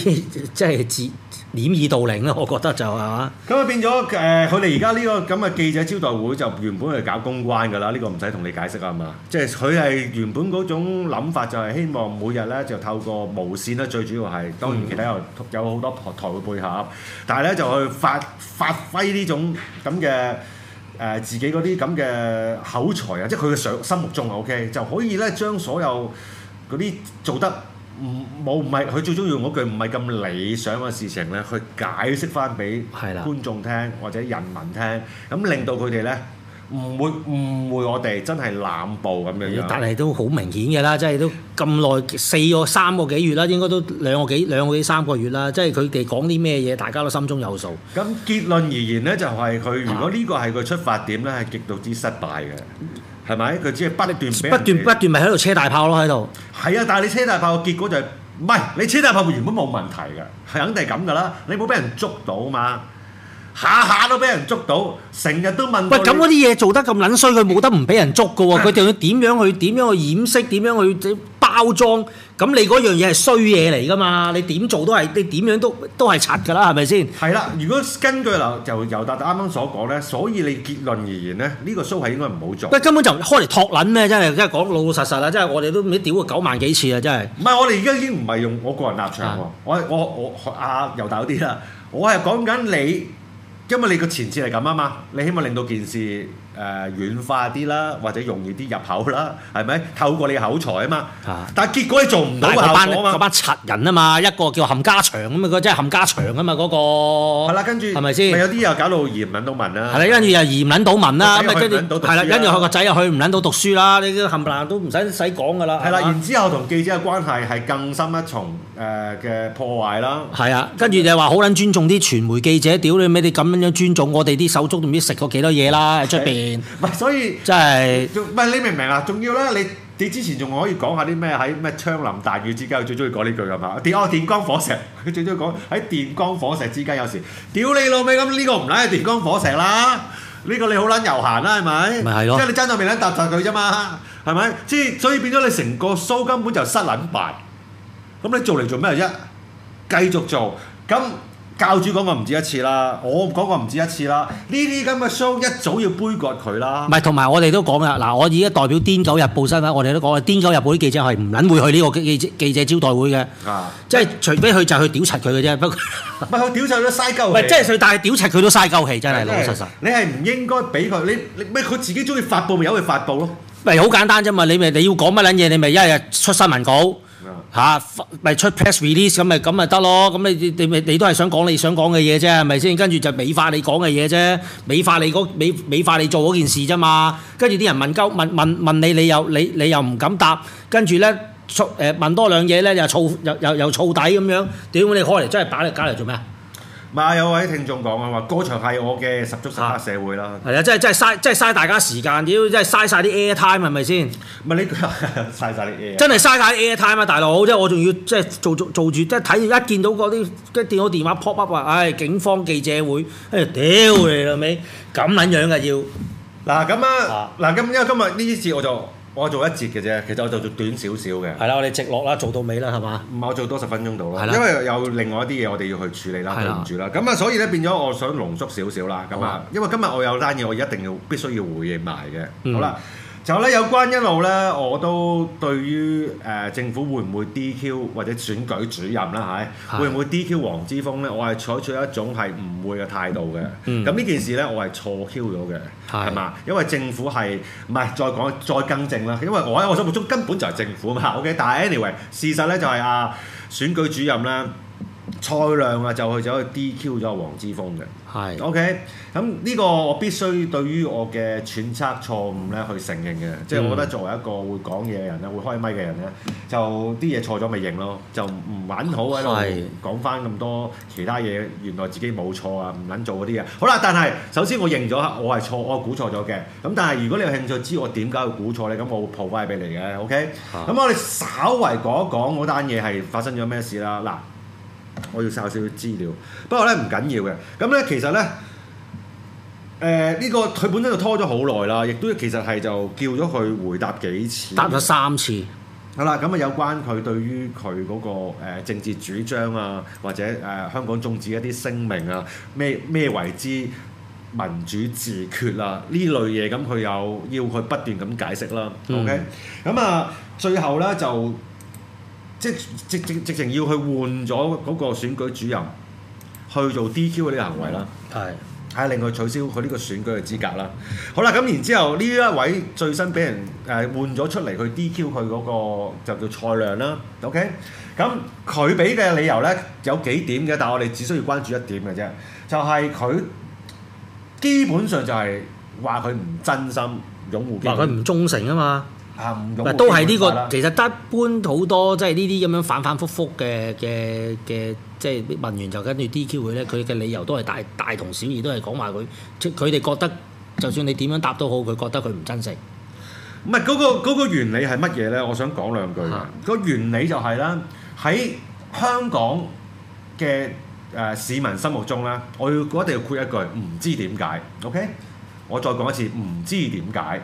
即 係自。掩耳盜鈴咧，我覺得就係嘛。咁啊變咗誒，佢哋而家呢個咁嘅記者招待會就原本係搞公關㗎啦，呢個唔使同你解釋啊嘛。即係佢係原本嗰種諗法，就係希望每日咧就透過無線咧，最主要係當然其他有有好多台嘅配合，但係咧就去發發揮呢種咁嘅誒自己嗰啲咁嘅口才啊，即係佢嘅想心目中 OK，就可以咧將所有嗰啲做得。唔冇，唔係佢最中意用嗰句唔係咁理想嘅事情咧，去解釋翻俾觀眾聽是的 或者人民聽，咁令到佢哋咧唔會誤會我哋真係濫捕咁樣樣。但係都好明顯嘅啦，即係都咁耐四個三個幾月啦，應該都兩個幾兩個幾三個月啦，即係佢哋講啲咩嘢，大家都心中有數、嗯。咁結論而言咧，就係、是、佢如果呢個係佢出發點咧，係極度之失敗嘅。係咪？佢只係不斷不斷不斷咪喺度車大炮咯，喺度。係啊，但係你車大炮嘅結果就係唔係，你車大炮原本冇問題㗎，係肯定係咁㗎啦。你冇俾人捉到嘛？下下都俾人捉到，成日都問。喂，咁嗰啲嘢做得咁撚衰，佢冇得唔俾人捉㗎喎、哦？佢仲的要點樣去點樣去掩飾？點樣去？包裝咁你嗰樣嘢係衰嘢嚟噶嘛？你點做都係，你點樣都都係拆噶啦，係咪先？係啦、嗯，如果根據嗱，就尤達達啱啱所講咧，所以你結論而言咧，呢、呢個 show 係應該唔好做。喂，根本就開嚟托撚咩？真係真係講老老實實啦！真係我哋都唔知屌過九萬幾次啦，真係。唔係我哋而家已經唔係用我個人立場喎是的，我我我阿尤達嗰啲啦，我係講緊你，因為你個前提係咁啊嘛，你希望令到件事。誒軟化啲啦，或者容易啲入口啦，係咪？透過你口才啊嘛，但係結果你做唔到嗰班嗰賊人啊嘛，一個叫冚家祥咁嘛，佢真冚家祥啊嘛，嗰個係啦，跟住係咪先？有啲又搞到移撚到民啦，係啦，跟住又移撚到民啦，咁啊跟住係啦，跟住佢個仔又去唔撚到讀書啦，你啲冚唪唥都唔使使講噶啦。係啦，然之後同記者嘅關係係更深一重誒嘅破壞啦。係啊，跟住就話好撚尊重啲傳媒記者，屌你咩，你咁樣樣尊重我哋啲手足都唔知食過幾多嘢啦，出鼻！唔係，所以即係唔係你明唔明啊？仲要咧，你你之前仲可以講下啲咩喺咩槍林彈雨之間，我最中意講呢句噶嘛？電哦電光火石，佢最中意講喺電光火石之間有時，屌你老味咁呢個唔撚係電光火石啦，呢個你好撚遊閒啦係咪？咪係咯，即係你爭兩未撚搭晒佢啫嘛，係咪？之所以變咗你成個蘇根本就失撚敗，咁你做嚟做咩啫？繼續做咁。教主講過唔止一次啦，我講過唔止一次啦。呢啲咁嘅 show 一早要杯葛佢啦。唔係，同埋我哋都講啦。嗱，我而家代表《癲狗日報》新聞啦，我哋都講啦，《癲狗日報》啲記者係唔撚會去呢個記者者招待會嘅。即係除非佢就去屌柒佢嘅啫，不過唔係佢屌柒都嘥鳩氣。即係佢但係屌柒佢都嘥鳩氣，真係老老實實你。你係唔應該俾佢，你咩佢自己中意發佈咪由佢發佈咯。咪好簡單啫嘛，你咪你要講乜撚嘢，你咪一日出新聞稿。吓，咪、啊、出 press release 咁，咪得咯。咁你你你都係想講你想講嘅嘢啫，係咪先？跟住就美化你講嘅嘢啫，美化你嗰美美化你做嗰件事啫嘛。跟住啲人問鳩問問問你，你又你你又唔敢答，跟住咧，措誒問多兩嘢咧又燥又又又燥底咁樣，屌你開嚟真係擺你搞嚟做咩啊？嘛、啊、有位聽眾講啊話，歌場係我嘅十足十黑社會啦。係啊，即係真係嘥，真係嘥大家時間，屌真係嘥晒啲 air time 係咪先？唔係呢句嘥曬啲 air 真係嘥晒啲 air time 啊，大佬！即係我仲要即係做做住，即係睇住，一見到嗰啲即係電腦電話 pop up 啊！唉，警方記者會，哎屌你老味，咁撚 樣嘅要。嗱咁啊，嗱咁、啊啊啊、因為今日呢啲事我就。我做一節嘅啫，其實我就做短少少嘅。係啦，我哋直落啦，做到尾啦，係嘛？唔係我做多十分鐘到囉，的因為有另外一啲嘢我哋要去處理啦，的對唔住啦。咁啊的，所以咧變咗我想濃縮少少啦。咁的啊，因為今日我有單嘢，我一定要必須要回應埋嘅。嗯、好啦。就咧有關一路咧，我都對於誒、呃、政府會唔會 DQ 或者選舉主任啦，係是的 會唔會 DQ 黃之鋒咧？我係採取，取一種係唔會嘅態度嘅。咁呢、嗯、件事咧，我係錯 Q 咗嘅，係嘛？是的 因為政府係唔係再講再更正啦？因為我喺我心目中根本就係政府啊嘛。OK，但係 anyway，事實咧就係、是、啊選舉主任啦。蔡亮啊，就去走去 DQ 咗黃之鋒嘅。係是。O K。咁呢個我必須對於我嘅揣測錯誤咧去承認嘅，嗯、即係我覺得作為一個會講嘢嘅人咧，會開咪嘅人咧，就啲嘢錯咗咪認咯，就唔揾好喺度講翻咁多其他嘢，原來自己冇錯啊，唔撚做嗰啲嘢。好啦，但係首先我認咗，我係錯，我估錯咗嘅。咁但係如果你有興趣知我點解會估錯咧，咁我會剖開俾你嘅。O、okay? K 是。咁我哋稍為講一講嗰單嘢係發生咗咩事啦。嗱。我要曬少少資料，不過咧唔緊要嘅。咁咧其實咧，誒、呃、呢、這個佢本身就拖咗好耐啦，亦都其實係就叫咗佢回答幾次。答咗三次。好啦，咁啊有關佢對於佢嗰、那個、呃、政治主張啊，或者誒、呃、香港宗旨一啲聲明啊，咩咩為之民主自決啦、啊、呢類嘢，咁佢有要佢不斷咁解釋啦。嗯、OK，咁啊最後咧就。即直情要去換咗嗰個選舉主任去做 DQ 呢個行為啦，係係、嗯、令佢取消佢呢個選舉嘅資格啦。好啦，咁然之後呢一位最新俾人誒換咗出嚟去 DQ 佢嗰、嗰個就叫蔡亮啦。OK，咁佢俾嘅理由咧有幾點嘅，但係我哋只需要關注一點嘅啫，就係、是、佢基本上就係話佢唔真心擁護，話佢唔忠誠啊嘛。嗱，嗯、都係呢個， 其實一般好多即係呢啲咁樣反反覆覆嘅嘅嘅，即係問完就跟住 DQ 佢咧，佢嘅理由都係大大同小異，都係講話佢，佢哋覺得就算你點樣答都好，佢覺得佢唔珍惜。唔係嗰個原理係乜嘢咧？我想講兩句。的個原理就係啦，喺香港嘅呃市民心目中咧，我要我一定要括一句，唔知點解。OK，我再講一次，唔知點解。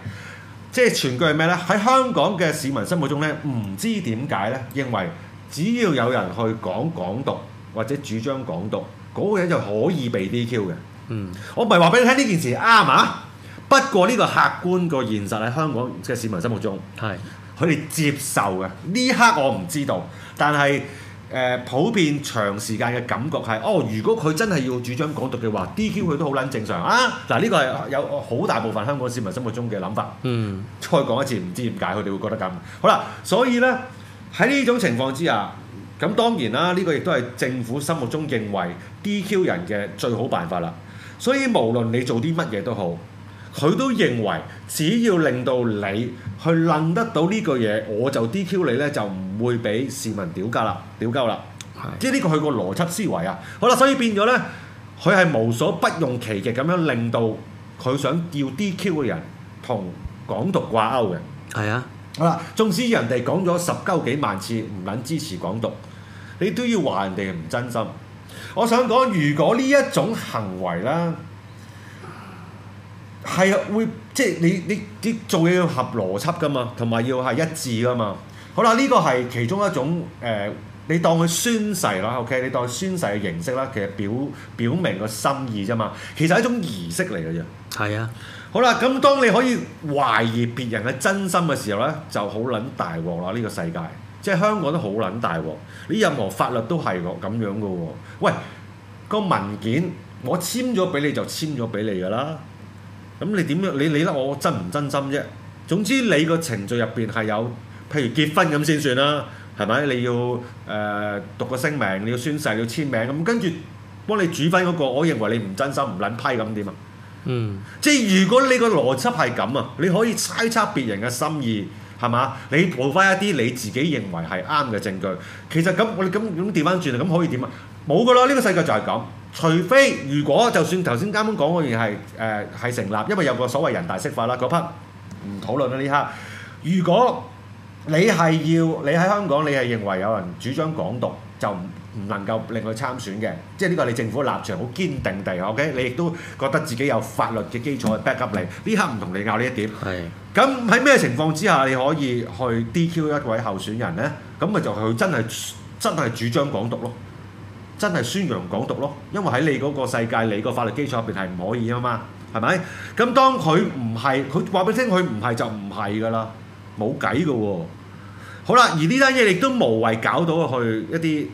即係全句係咩咧？喺香港嘅市民心目中咧，唔知點解咧，認為只要有人去講港獨或者主張港獨，嗰個人就可以被 DQ 嘅。嗯，我唔係話俾你聽呢件事啱嘛？不過呢個客觀個現實喺香港嘅市民心目中係，佢哋是接受嘅。呢刻我唔知道，但係。普遍長時間嘅感覺係，哦，如果佢真係要主張港獨嘅話，DQ 佢都好撚正常啊！嗱，呢個係有好大部分香港市民心目中嘅諗法。嗯， 再講一次，唔知點解佢哋會覺得咁。好啦，所以呢，喺呢種情況之下，咁當然啦，呢個亦都係政府心目中認為 DQ 人嘅最好辦法啦。所以無論你做啲乜嘢都好。佢都認為，只要令到你去撚得到呢句嘢，我就 DQ 你呢，就唔會俾市民屌㗎啦，屌鳩啦。是的 即係呢個佢個邏輯思維啊。好啦，所以變咗呢，佢係無所不用其極咁樣令到佢想叫 DQ 嘅人同港獨掛鈎嘅。係啊是的，好啦，縱使人哋講咗十鳩幾萬次唔撚支持港獨，你都要話人哋唔真心。我想講，如果呢一種行為啦，係啊，會即係你你你做嘢要合邏輯噶嘛，同埋要係一致噶嘛。好啦，呢個係其中一種誒、呃，你當佢宣誓啦，OK？你當佢宣誓嘅形式啦，其實表表明個心意啫嘛。其實係一種儀式嚟嘅啫。係啊。好啦，咁當你可以懷疑別人嘅真心嘅時候咧，就好撚大鑊啦！呢、呢個世界，即係香港都好撚大鑊。你任何法律都係咁樣嘅喎、啊。喂，個文件我簽咗俾你就簽咗俾你㗎啦。咁你點樣？你理得我真唔真心啫。總之你個程序入邊係有，譬如結婚咁先算啦，係咪？你要誒、呃、讀個聲明，你要宣誓，你要簽名咁，跟住幫你主婚嗰個，我認為你唔真心唔撚批咁點啊？樣樣嗯、即係如果你個邏輯係咁啊，你可以猜測別人嘅心意係嘛？你補翻一啲你自己認為係啱嘅證據，其實咁我哋咁咁調翻轉啊，咁可以點啊？冇噶啦，呢、呢個世界就係咁。除非如果就算頭先啱啱講嗰樣係誒係成立，因為有個所謂人大釋法啦，嗰 part 唔討論啦呢刻。如果你係要你喺香港，你係認為有人主張港獨，就唔能夠令佢參選嘅，即係呢個你政府立場好堅定地。OK，你亦都覺得自己有法律嘅基礎 back up，你呢刻唔同你拗呢一點。係。咁喺咩情況之下你可以去 DQ 一位候選人呢？咁咪就係佢真係真係主張港獨咯。真係宣揚港獨咯，因為喺你嗰個世界，你個法律基礎入邊係唔可以啊嘛，係咪？咁當佢唔係，佢話俾你聽，佢唔係就唔係噶啦，冇計噶喎。好啦，而呢單嘢亦都無謂搞到去一啲，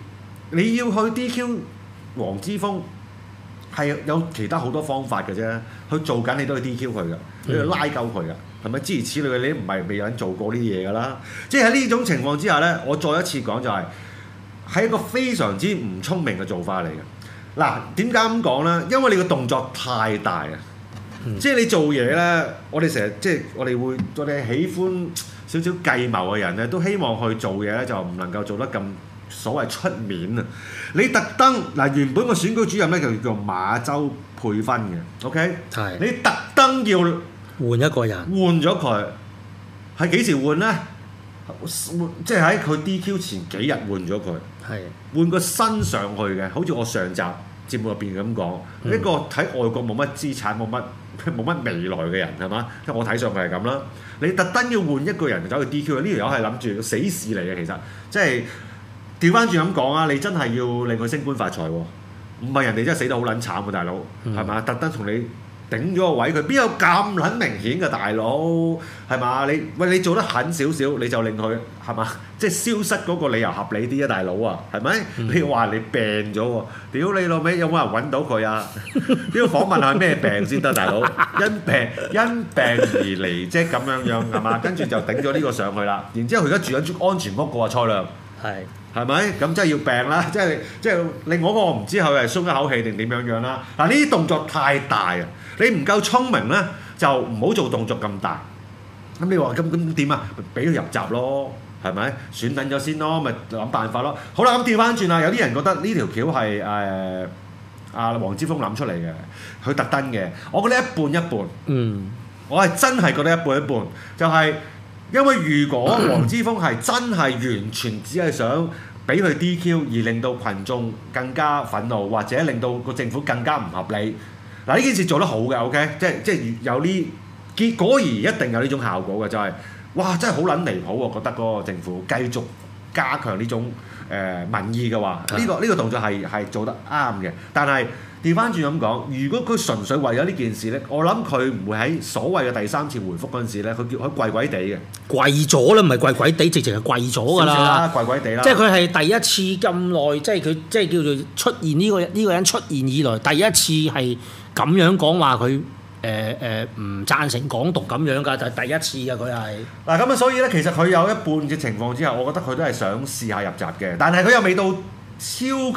你要去 DQ 黃之鋒係有其他好多方法嘅啫，去做緊你都要 DQ 佢噶，你要拉鳩佢噶，係咪？諸如此類嘅，你都唔係未有人做過呢啲嘢噶啦。即係喺呢種情況之下咧，我再一次講就係、是。係一個非常之唔聰明嘅做法嚟嘅。嗱，點解咁講呢？因為你個動作太大啊！嗯、即係你做嘢呢，我哋成日即係我哋會，我哋喜歡少少計謀嘅人呢，都希望去做嘢呢，就唔能夠做得咁所謂出面啊！你特登嗱，原本個選舉主任呢，就叫馬周佩芬嘅，OK？係。你特登要換一個人。換咗佢係幾時換呢？即係喺佢 DQ 前幾日換咗佢，的換個新上去嘅。好似我上集節目入邊咁講，嗯、一個喺外國冇乜資產、冇乜冇乜未來嘅人係嘛？即係我睇上去係咁啦，你特登要換一個人走去 DQ，呢條友係諗住死士嚟嘅，其實即係調翻轉咁講啊！你真係要令佢升官發財喎，唔係人哋真係死得好撚慘喎，大佬係嘛？嗯、特登同你。頂咗個位，佢邊有咁撚明顯嘅大佬係嘛？你餵你做得狠少少，你就令佢係嘛，即係消失嗰個理由合理啲啊，大佬啊，係咪？Mm hmm. 你話你病咗喎，屌你老味，有冇人揾到佢啊？ 要訪問下咩病先得，大佬因病 因病而嚟，即係咁樣樣係嘛？跟住就頂咗呢個上去啦。然之後佢而家住緊安全屋嘅喎，蔡亮係咪？咁即係要病啦，即係即係另外令我個我唔知佢係鬆一口氣定點樣樣啦。嗱呢啲動作太大啊！你唔夠聰明呢，就唔好做動作咁大。咁你話咁咁點啊？俾佢入閘咯，係咪？選等咗先咯，咪諗辦法咯。好啦，咁調翻轉啦，有啲人覺得呢條橋係誒阿黃之鋒諗出嚟嘅，佢特登嘅。我覺得一半一半。嗯。我係真係覺得一半一半，就係因為如果黃之鋒係真係完全只係想俾佢 DQ，而令到羣眾更加憤怒，或者令到個政府更加唔合理。嗱呢件事做得好嘅，OK，即係即係有呢結果而一定有呢種效果嘅，就係、是、哇真係好撚離譜喎！覺得嗰個政府繼續加強呢種誒、呃、民意嘅話，呢、這個呢、這個動作係係做得啱嘅。但係調翻轉咁講，如果佢純粹為咗呢件事咧，我諗佢唔會喺所謂嘅第三次回覆嗰陣時咧，佢叫佢跪鬼地嘅，跪咗啦，唔係跪鬼地，直情係跪咗㗎啦，跪鬼地啦。即係佢係第一次咁耐，即係佢即係叫做出現呢、這個呢、這個人出現以來第一次係。咁樣講話佢誒誒唔贊成港獨咁樣㗎，就係第一次啊！佢係嗱咁啊，所以咧其實佢有一半嘅情況之下，我覺得佢都係想試下入閘嘅，但係佢又未到超級誒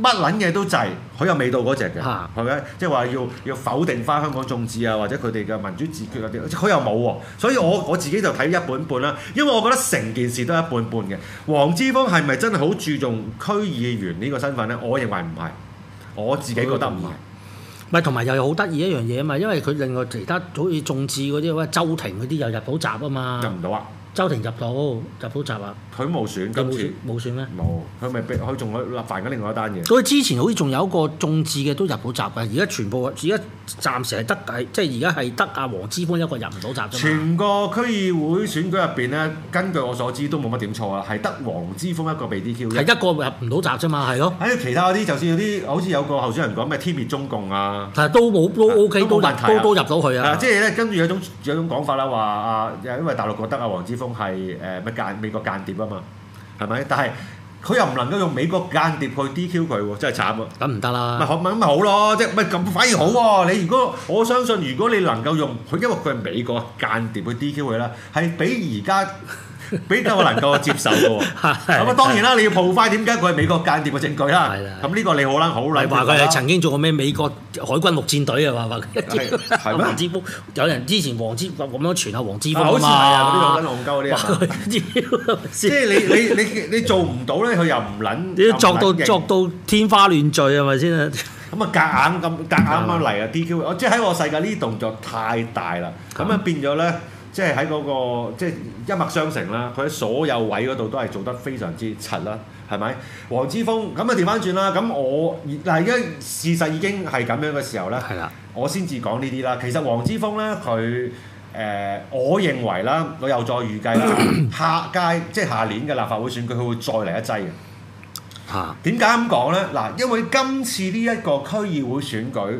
乜撚嘢都滯、就是，佢又未到嗰隻嘅，係咪、啊？即係話要要否定翻香港眾志啊，或者佢哋嘅民主自決嗰啲，佢又冇喎。所以我我自己就睇一半半啦，因為我覺得成件事都一半半嘅。黃之鋒係咪真係好注重區議員呢個身份咧？我認為唔係。我自己覺得唔易，唔係同埋又好得意一樣嘢啊嘛，因為佢另外其他好似眾志嗰啲或者周庭嗰啲又入唔到閘啊嘛，入唔到啊。周庭入到入到閘啊！佢冇選，跟冇選咩？冇，佢咪佢仲立犯緊另外一單嘢。佢之前好似仲有一個眾志嘅都入到閘㗎，而家全部而家暫時係得即係而家係得阿黃之鋒一個入唔到閘啫。全個區議會選舉入邊咧，根據我所知都冇乜點錯啊，係得黃之鋒一個被 DQ，係一個入唔到閘啫嘛，係咯、哦。喺其他嗰啲，就算有啲好似有個候選人講咩天滅中共啊，係都冇都 OK，、啊、都、啊、都，都，都入到去啊！即係咧，跟住有種有種講法啦，話阿、啊、因為大陸覺得阿黃之仲係誒咩間美國間諜啊嘛，係咪？但係佢又唔能夠用美國間諜去 DQ 佢喎，真係慘啊！咁唔得啦，唔係咁咪好咯，即係咪咁反而好喎？你如果我相信，如果你能夠用佢，因為佢係美國間諜去 DQ 佢啦，係比而家。 俾得我能夠接受嘅喎，咁啊當然啦，你要破翻點解佢係美國間諜嘅證據啦？咁呢個你好能好難。話佢係曾經做過咩美國海軍陸戰隊啊？話話黃之鋒有人之前黃之鋒咁樣傳下黃之鋒啊嘛，好似係啊，呢個戇鳩嗰啲人。即係你你你你做唔到咧，佢又唔撚，你作到作到天花亂墜係咪先啊？咁啊夾硬咁夾硬咁嚟啊！DQ，我即係喺我世界呢啲動作太大啦，咁啊變咗咧。即係喺嗰個即係一脈相承啦。佢喺所有位嗰度都係做得非常之柒啦，係咪？黃之鋒咁啊，調翻轉啦。咁我嗱而家事實已經係咁樣嘅時候咧，我先至講呢啲啦。其實黃之鋒咧，佢誒、呃，我認為啦，我又再預計啦， 下屆即係下年嘅立法會選舉，佢會再嚟一劑嘅。嚇？點解咁講咧？嗱，因為今次呢一個區議會選舉，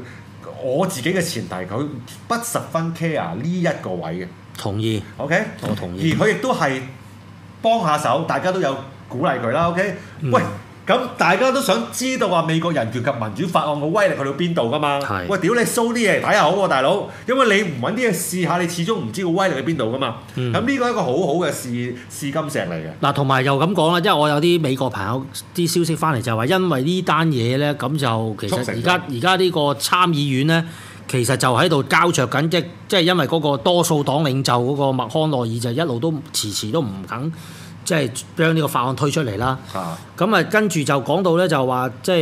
我自己嘅前提佢不十分 care 呢一個位嘅。同意，OK，我同意。而佢 Okay? 意亦都係幫下手，大家都有鼓勵佢啦，OK、嗯。喂，咁大家都想知道話美國人權及民主法案嘅威力去到邊度㗎嘛？係是。喂，屌你 show 啲嘢睇下好喎，大佬，因為你唔搵啲嘢試下，你始終唔知個威力喺邊度㗎嘛？咁呢、嗯、個係一個好好嘅試試金石嚟嘅。嗱，同埋又咁講啦，因為我有啲美國朋友啲消息返嚟，就係、是、話因為呢單嘢咧，咁就其實而家而家呢個參議院咧。其實就喺度膠着緊，即即係因為嗰個多數黨領袖嗰個麥康諾爾就一路都遲遲都唔肯，即係將呢個法案推出嚟啦。咁啊的，跟住就講到咧，就話即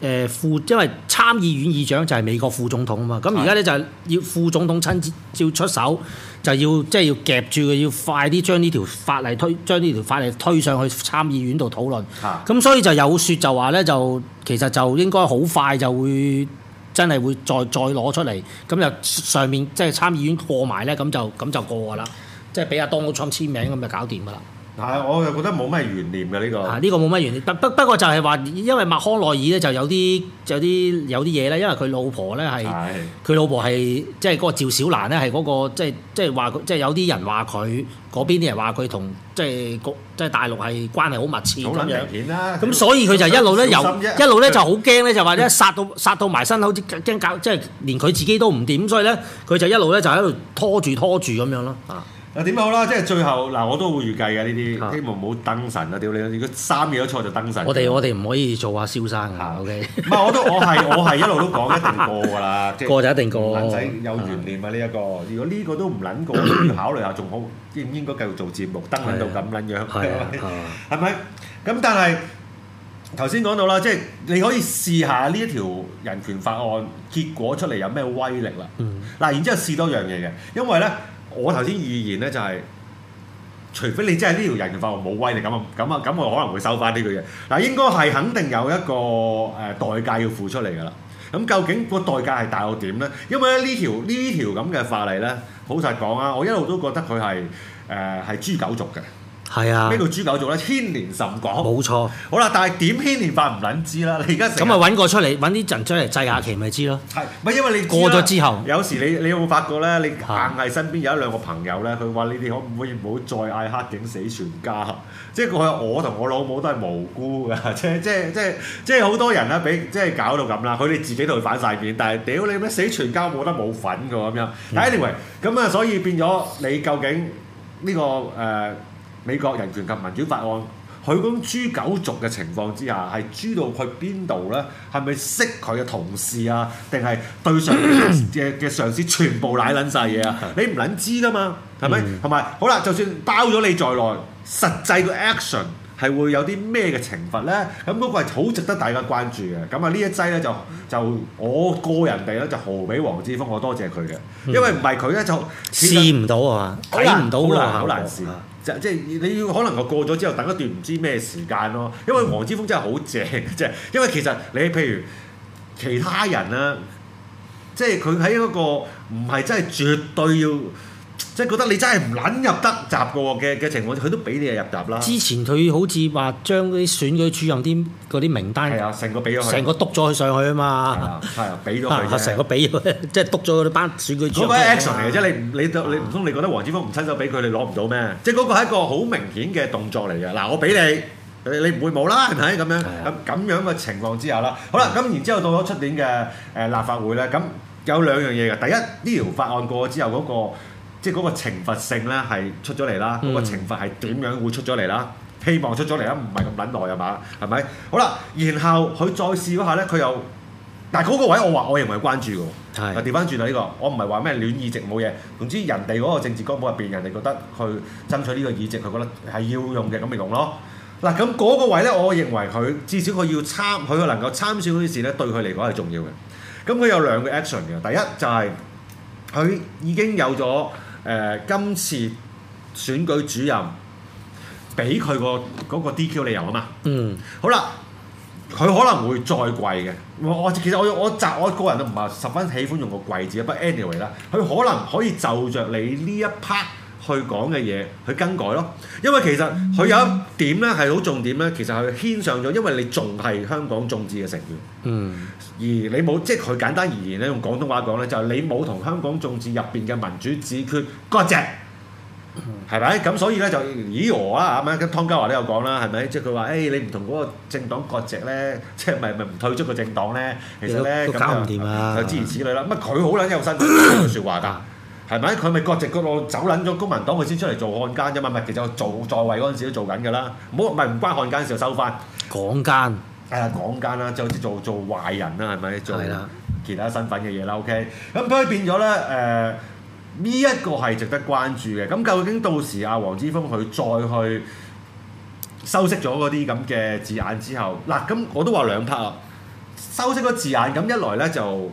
係誒副，因為參議院議長就係美國副總統啊嘛。咁而家咧就係要副總統親自照出手，就要即係、就是、要夾住佢，要快啲將呢條法例推，將呢條法例推上去參議院度討論。咁的所以就有説就話咧，就其實就應該好快就會，真係會再再攞出嚟，咁就上面即係參議院過埋咧，咁就咁就過㗎啦。即係俾阿 Donald Trump 簽名，咁就搞掂㗎啦。係、啊，我又覺得冇咩懸念嘅呢、這個、啊。係、這、呢個冇咩懸念，不不不過就係話，因為麥康奈爾咧就有啲有啲有啲嘢咧，因為佢老婆咧係佢老婆係即係嗰個趙小蘭咧、那個，係、就、嗰個即係即係話即係有啲人話佢嗰邊啲人話佢同即係個即係大陸係關係好密切。好捻有錢啦！咁所以佢就一路咧由一路咧就好驚咧，就話咧殺到、嗯、殺到埋身，好似驚搞即係連佢自己都唔掂，所以咧佢就一路咧就喺度拖住拖住咁樣咯啊！啊嗱點好啦，即係、啊、最後嗱，我都會預計嘅呢啲，希望唔好燈神啊！屌你，如果三月有錯就燈神我。我哋我哋唔可以做下燒生啊！OK，唔 係我都我係我係一路都講一定過㗎啦，就是、過就一定過。唔使有懸念啊呢一、啊這個，如果呢個都唔撚過，啊、要考慮下仲好應唔應該繼續做節目？燈撚到咁撚樣，係咪、啊？係咪、啊？咁吧、啊、但係頭先講到啦，即係你可以試下呢一條人權法案，結果出嚟有咩威力啦？嗱、嗯啊，然之後試多樣嘢嘅，因為咧。我頭先預言咧就係、是，除非你真係呢條人權法冇威力，咁咁咁，我可能會收翻呢句嘢。嗱，應該係肯定有一個誒代價要付出嚟㗎啦。咁究竟個代價係大到點咧？因為咧呢條呢條咁嘅法例咧，好實講啊，我一路都覺得佢係誒係豬狗族嘅。係是啊，咩叫豬狗做咧？牽連甚廣，冇錯。好啦，但係點牽連法唔撚知啦？你而家咁咪揾個出嚟，揾啲人出嚟制下，下期咪知咯。係、嗯，咪因為你過咗之後，有時你你有冇發覺咧？你硬係身邊有一兩個朋友咧，佢話：你哋可唔可以唔好再嗌黑警死全家？即係我我同我老母都係無辜㗎，即係即係即係即係好多人啦，俾即係搞到咁啦。佢哋自己都會反晒面，但係屌你咩死全家冇得冇份㗎咁樣。嗯、但係，anyway，咁啊，所以變咗你究竟呢、這個誒，呃美國人權及民主法案，佢咁種誅九族嘅情況之下，係誅到佢邊度咧？係咪識佢嘅同事啊？定係對上嘅嘅上司全部賴撚晒嘢啊？ 你唔捻知噶嘛？係咪？同埋、嗯、好啦，就算包咗你在內，實際個 action 係會有啲咩嘅懲罰咧？咁、那、嗰個係好值得大家關注嘅。咁啊，呢一劑咧就就，就我個人哋咧就何比黃之鋒，我多謝佢嘅，嗯、因為唔係佢咧就試唔到啊嘛，睇唔到好難試。 就即係你要可能我過咗之後等一段唔知咩時間咯，因為黃之鋒真係好正，即係因為其實你譬如其他人啦，即係佢喺嗰個唔係真係絕對要。即係覺得你真係唔撚入得閘嘅嘅嘅情況，佢都俾你入閘啦。之前佢好似話將啲選舉主任啲啲名單係啊，成個俾咗佢，成個督咗佢上去啊嘛，係啊，俾咗佢，成個俾咗咧，即係督咗嗰啲班選舉主任、啊。好 action 嚟嘅，即係你你你唔通你覺得黃之鋒唔親手俾佢你攞唔到咩？即係嗰個係一個好明顯嘅動作嚟嘅。嗱，我俾你，你唔會冇啦，係咪咁樣咁咁是、啊、樣嘅情況之下啦？好啦，咁、嗯、然之後，後到咗出年嘅誒立法會咧，咁有兩樣嘢嘅。第一，呢條法案過咗之後嗰、嗰個。嗰個即係嗰個懲罰性咧係出咗嚟啦，嗰、嗯、個懲罰係點樣會出咗嚟啦？希望出咗嚟啦，唔係咁等耐係嘛？係咪？好啦，然後佢再試一下咧，佢又，但係嗰個位我話，我認為關注嘅，又調翻轉啦呢個，我唔係話咩戀議席冇嘢，總之人哋嗰個政治光譜入邊，人哋覺得佢爭取呢個議席，佢覺得係要用嘅，咁咪用咯。嗱咁嗰個位咧，我認為佢至少佢要參，佢能夠參選嗰件事咧，對佢嚟講係重要嘅。咁佢有兩個 action 嘅，第一就係佢已經有咗。誒、呃，今次選舉主任俾佢個嗰個 DQ 理由啊嘛。嗯好，好啦，佢可能會再貴嘅，我其實我我集我個人都唔係十分喜歡用個貴字啊，不過 anyway 啦，佢可能可以就着你呢一 part。去講嘅嘢去更改咯，因為其實佢有一點咧係好重點咧，其實係牽上咗，因為你仲係香港眾志嘅成員，嗯，而你冇即係佢簡單而言咧，用廣東話講咧，就係你冇同香港眾志入邊嘅民主自決割席，係咪？咁所以咧就咦喎啦，咁樣，湯家華都有講啦，係咪？即係佢話誒，你唔同嗰個政黨割席咧，即係咪咪唔退出個政黨咧？其實咧，搞唔掂啊，諸如此類啦。乜佢好撚有新説話㗎？係咪？佢咪各自各路走撚咗，公民黨佢先出嚟做漢奸啫嘛！唔係其實做在位嗰陣時都做緊㗎啦。唔好，唔係唔關漢奸嘅事，收翻。港奸係啊，港奸啦，就好似做做壞人啦，係咪？做其他身份嘅嘢啦。OK，咁所以變咗咧誒，呢一個係值得關注嘅。咁究竟到時阿黃之鋒佢再去修飾咗嗰啲咁嘅字眼之後，嗱咁我都話兩 part 啊，修飾嗰字眼，咁一來咧就誒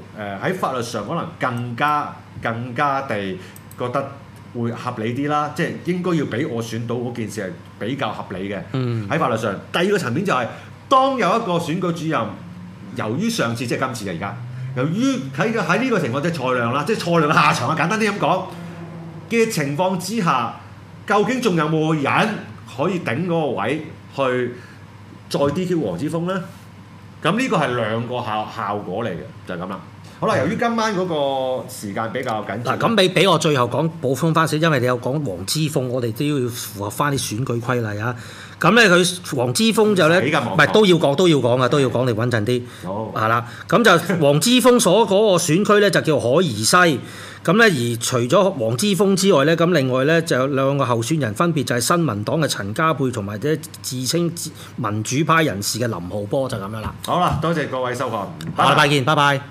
喺法律上可能更加。更加地覺得會合理啲啦，即係應該要俾我選到嗰件事係比較合理嘅。喺、嗯、法律上，第二個層面就係、是、當有一個選舉主任，由於上次即係今次嘅而家，由於喺喺呢個情況即係蔡量啦，即係蔡亮嘅下場啊，簡單啲咁講嘅情況之下，究竟仲有冇人可以頂嗰個位去再 DQ 黃之鋒咧？咁呢個係兩個效效果嚟嘅，就係咁啦。好啦，由於今晚嗰個時間比較緊張、嗯，嗱，咁你俾我最後講補充翻先，因為你有講黃之鋒，我哋都要符合翻啲選舉規例啊。咁咧，佢黃之鋒就咧，唔係都要講都要講啊，都要講你穩陣啲。好、嗯，係啦。咁就黃之鋒所嗰個選區咧，就叫海怡西。咁、嗯、咧，而除咗黃之鋒之外咧，咁另外咧就有兩個候選人，分別就係新民黨嘅陳家佩同埋啲自稱民主派人士嘅林浩波，就咁樣啦。好啦，多謝各位收看，下禮拜見，拜拜。拜拜。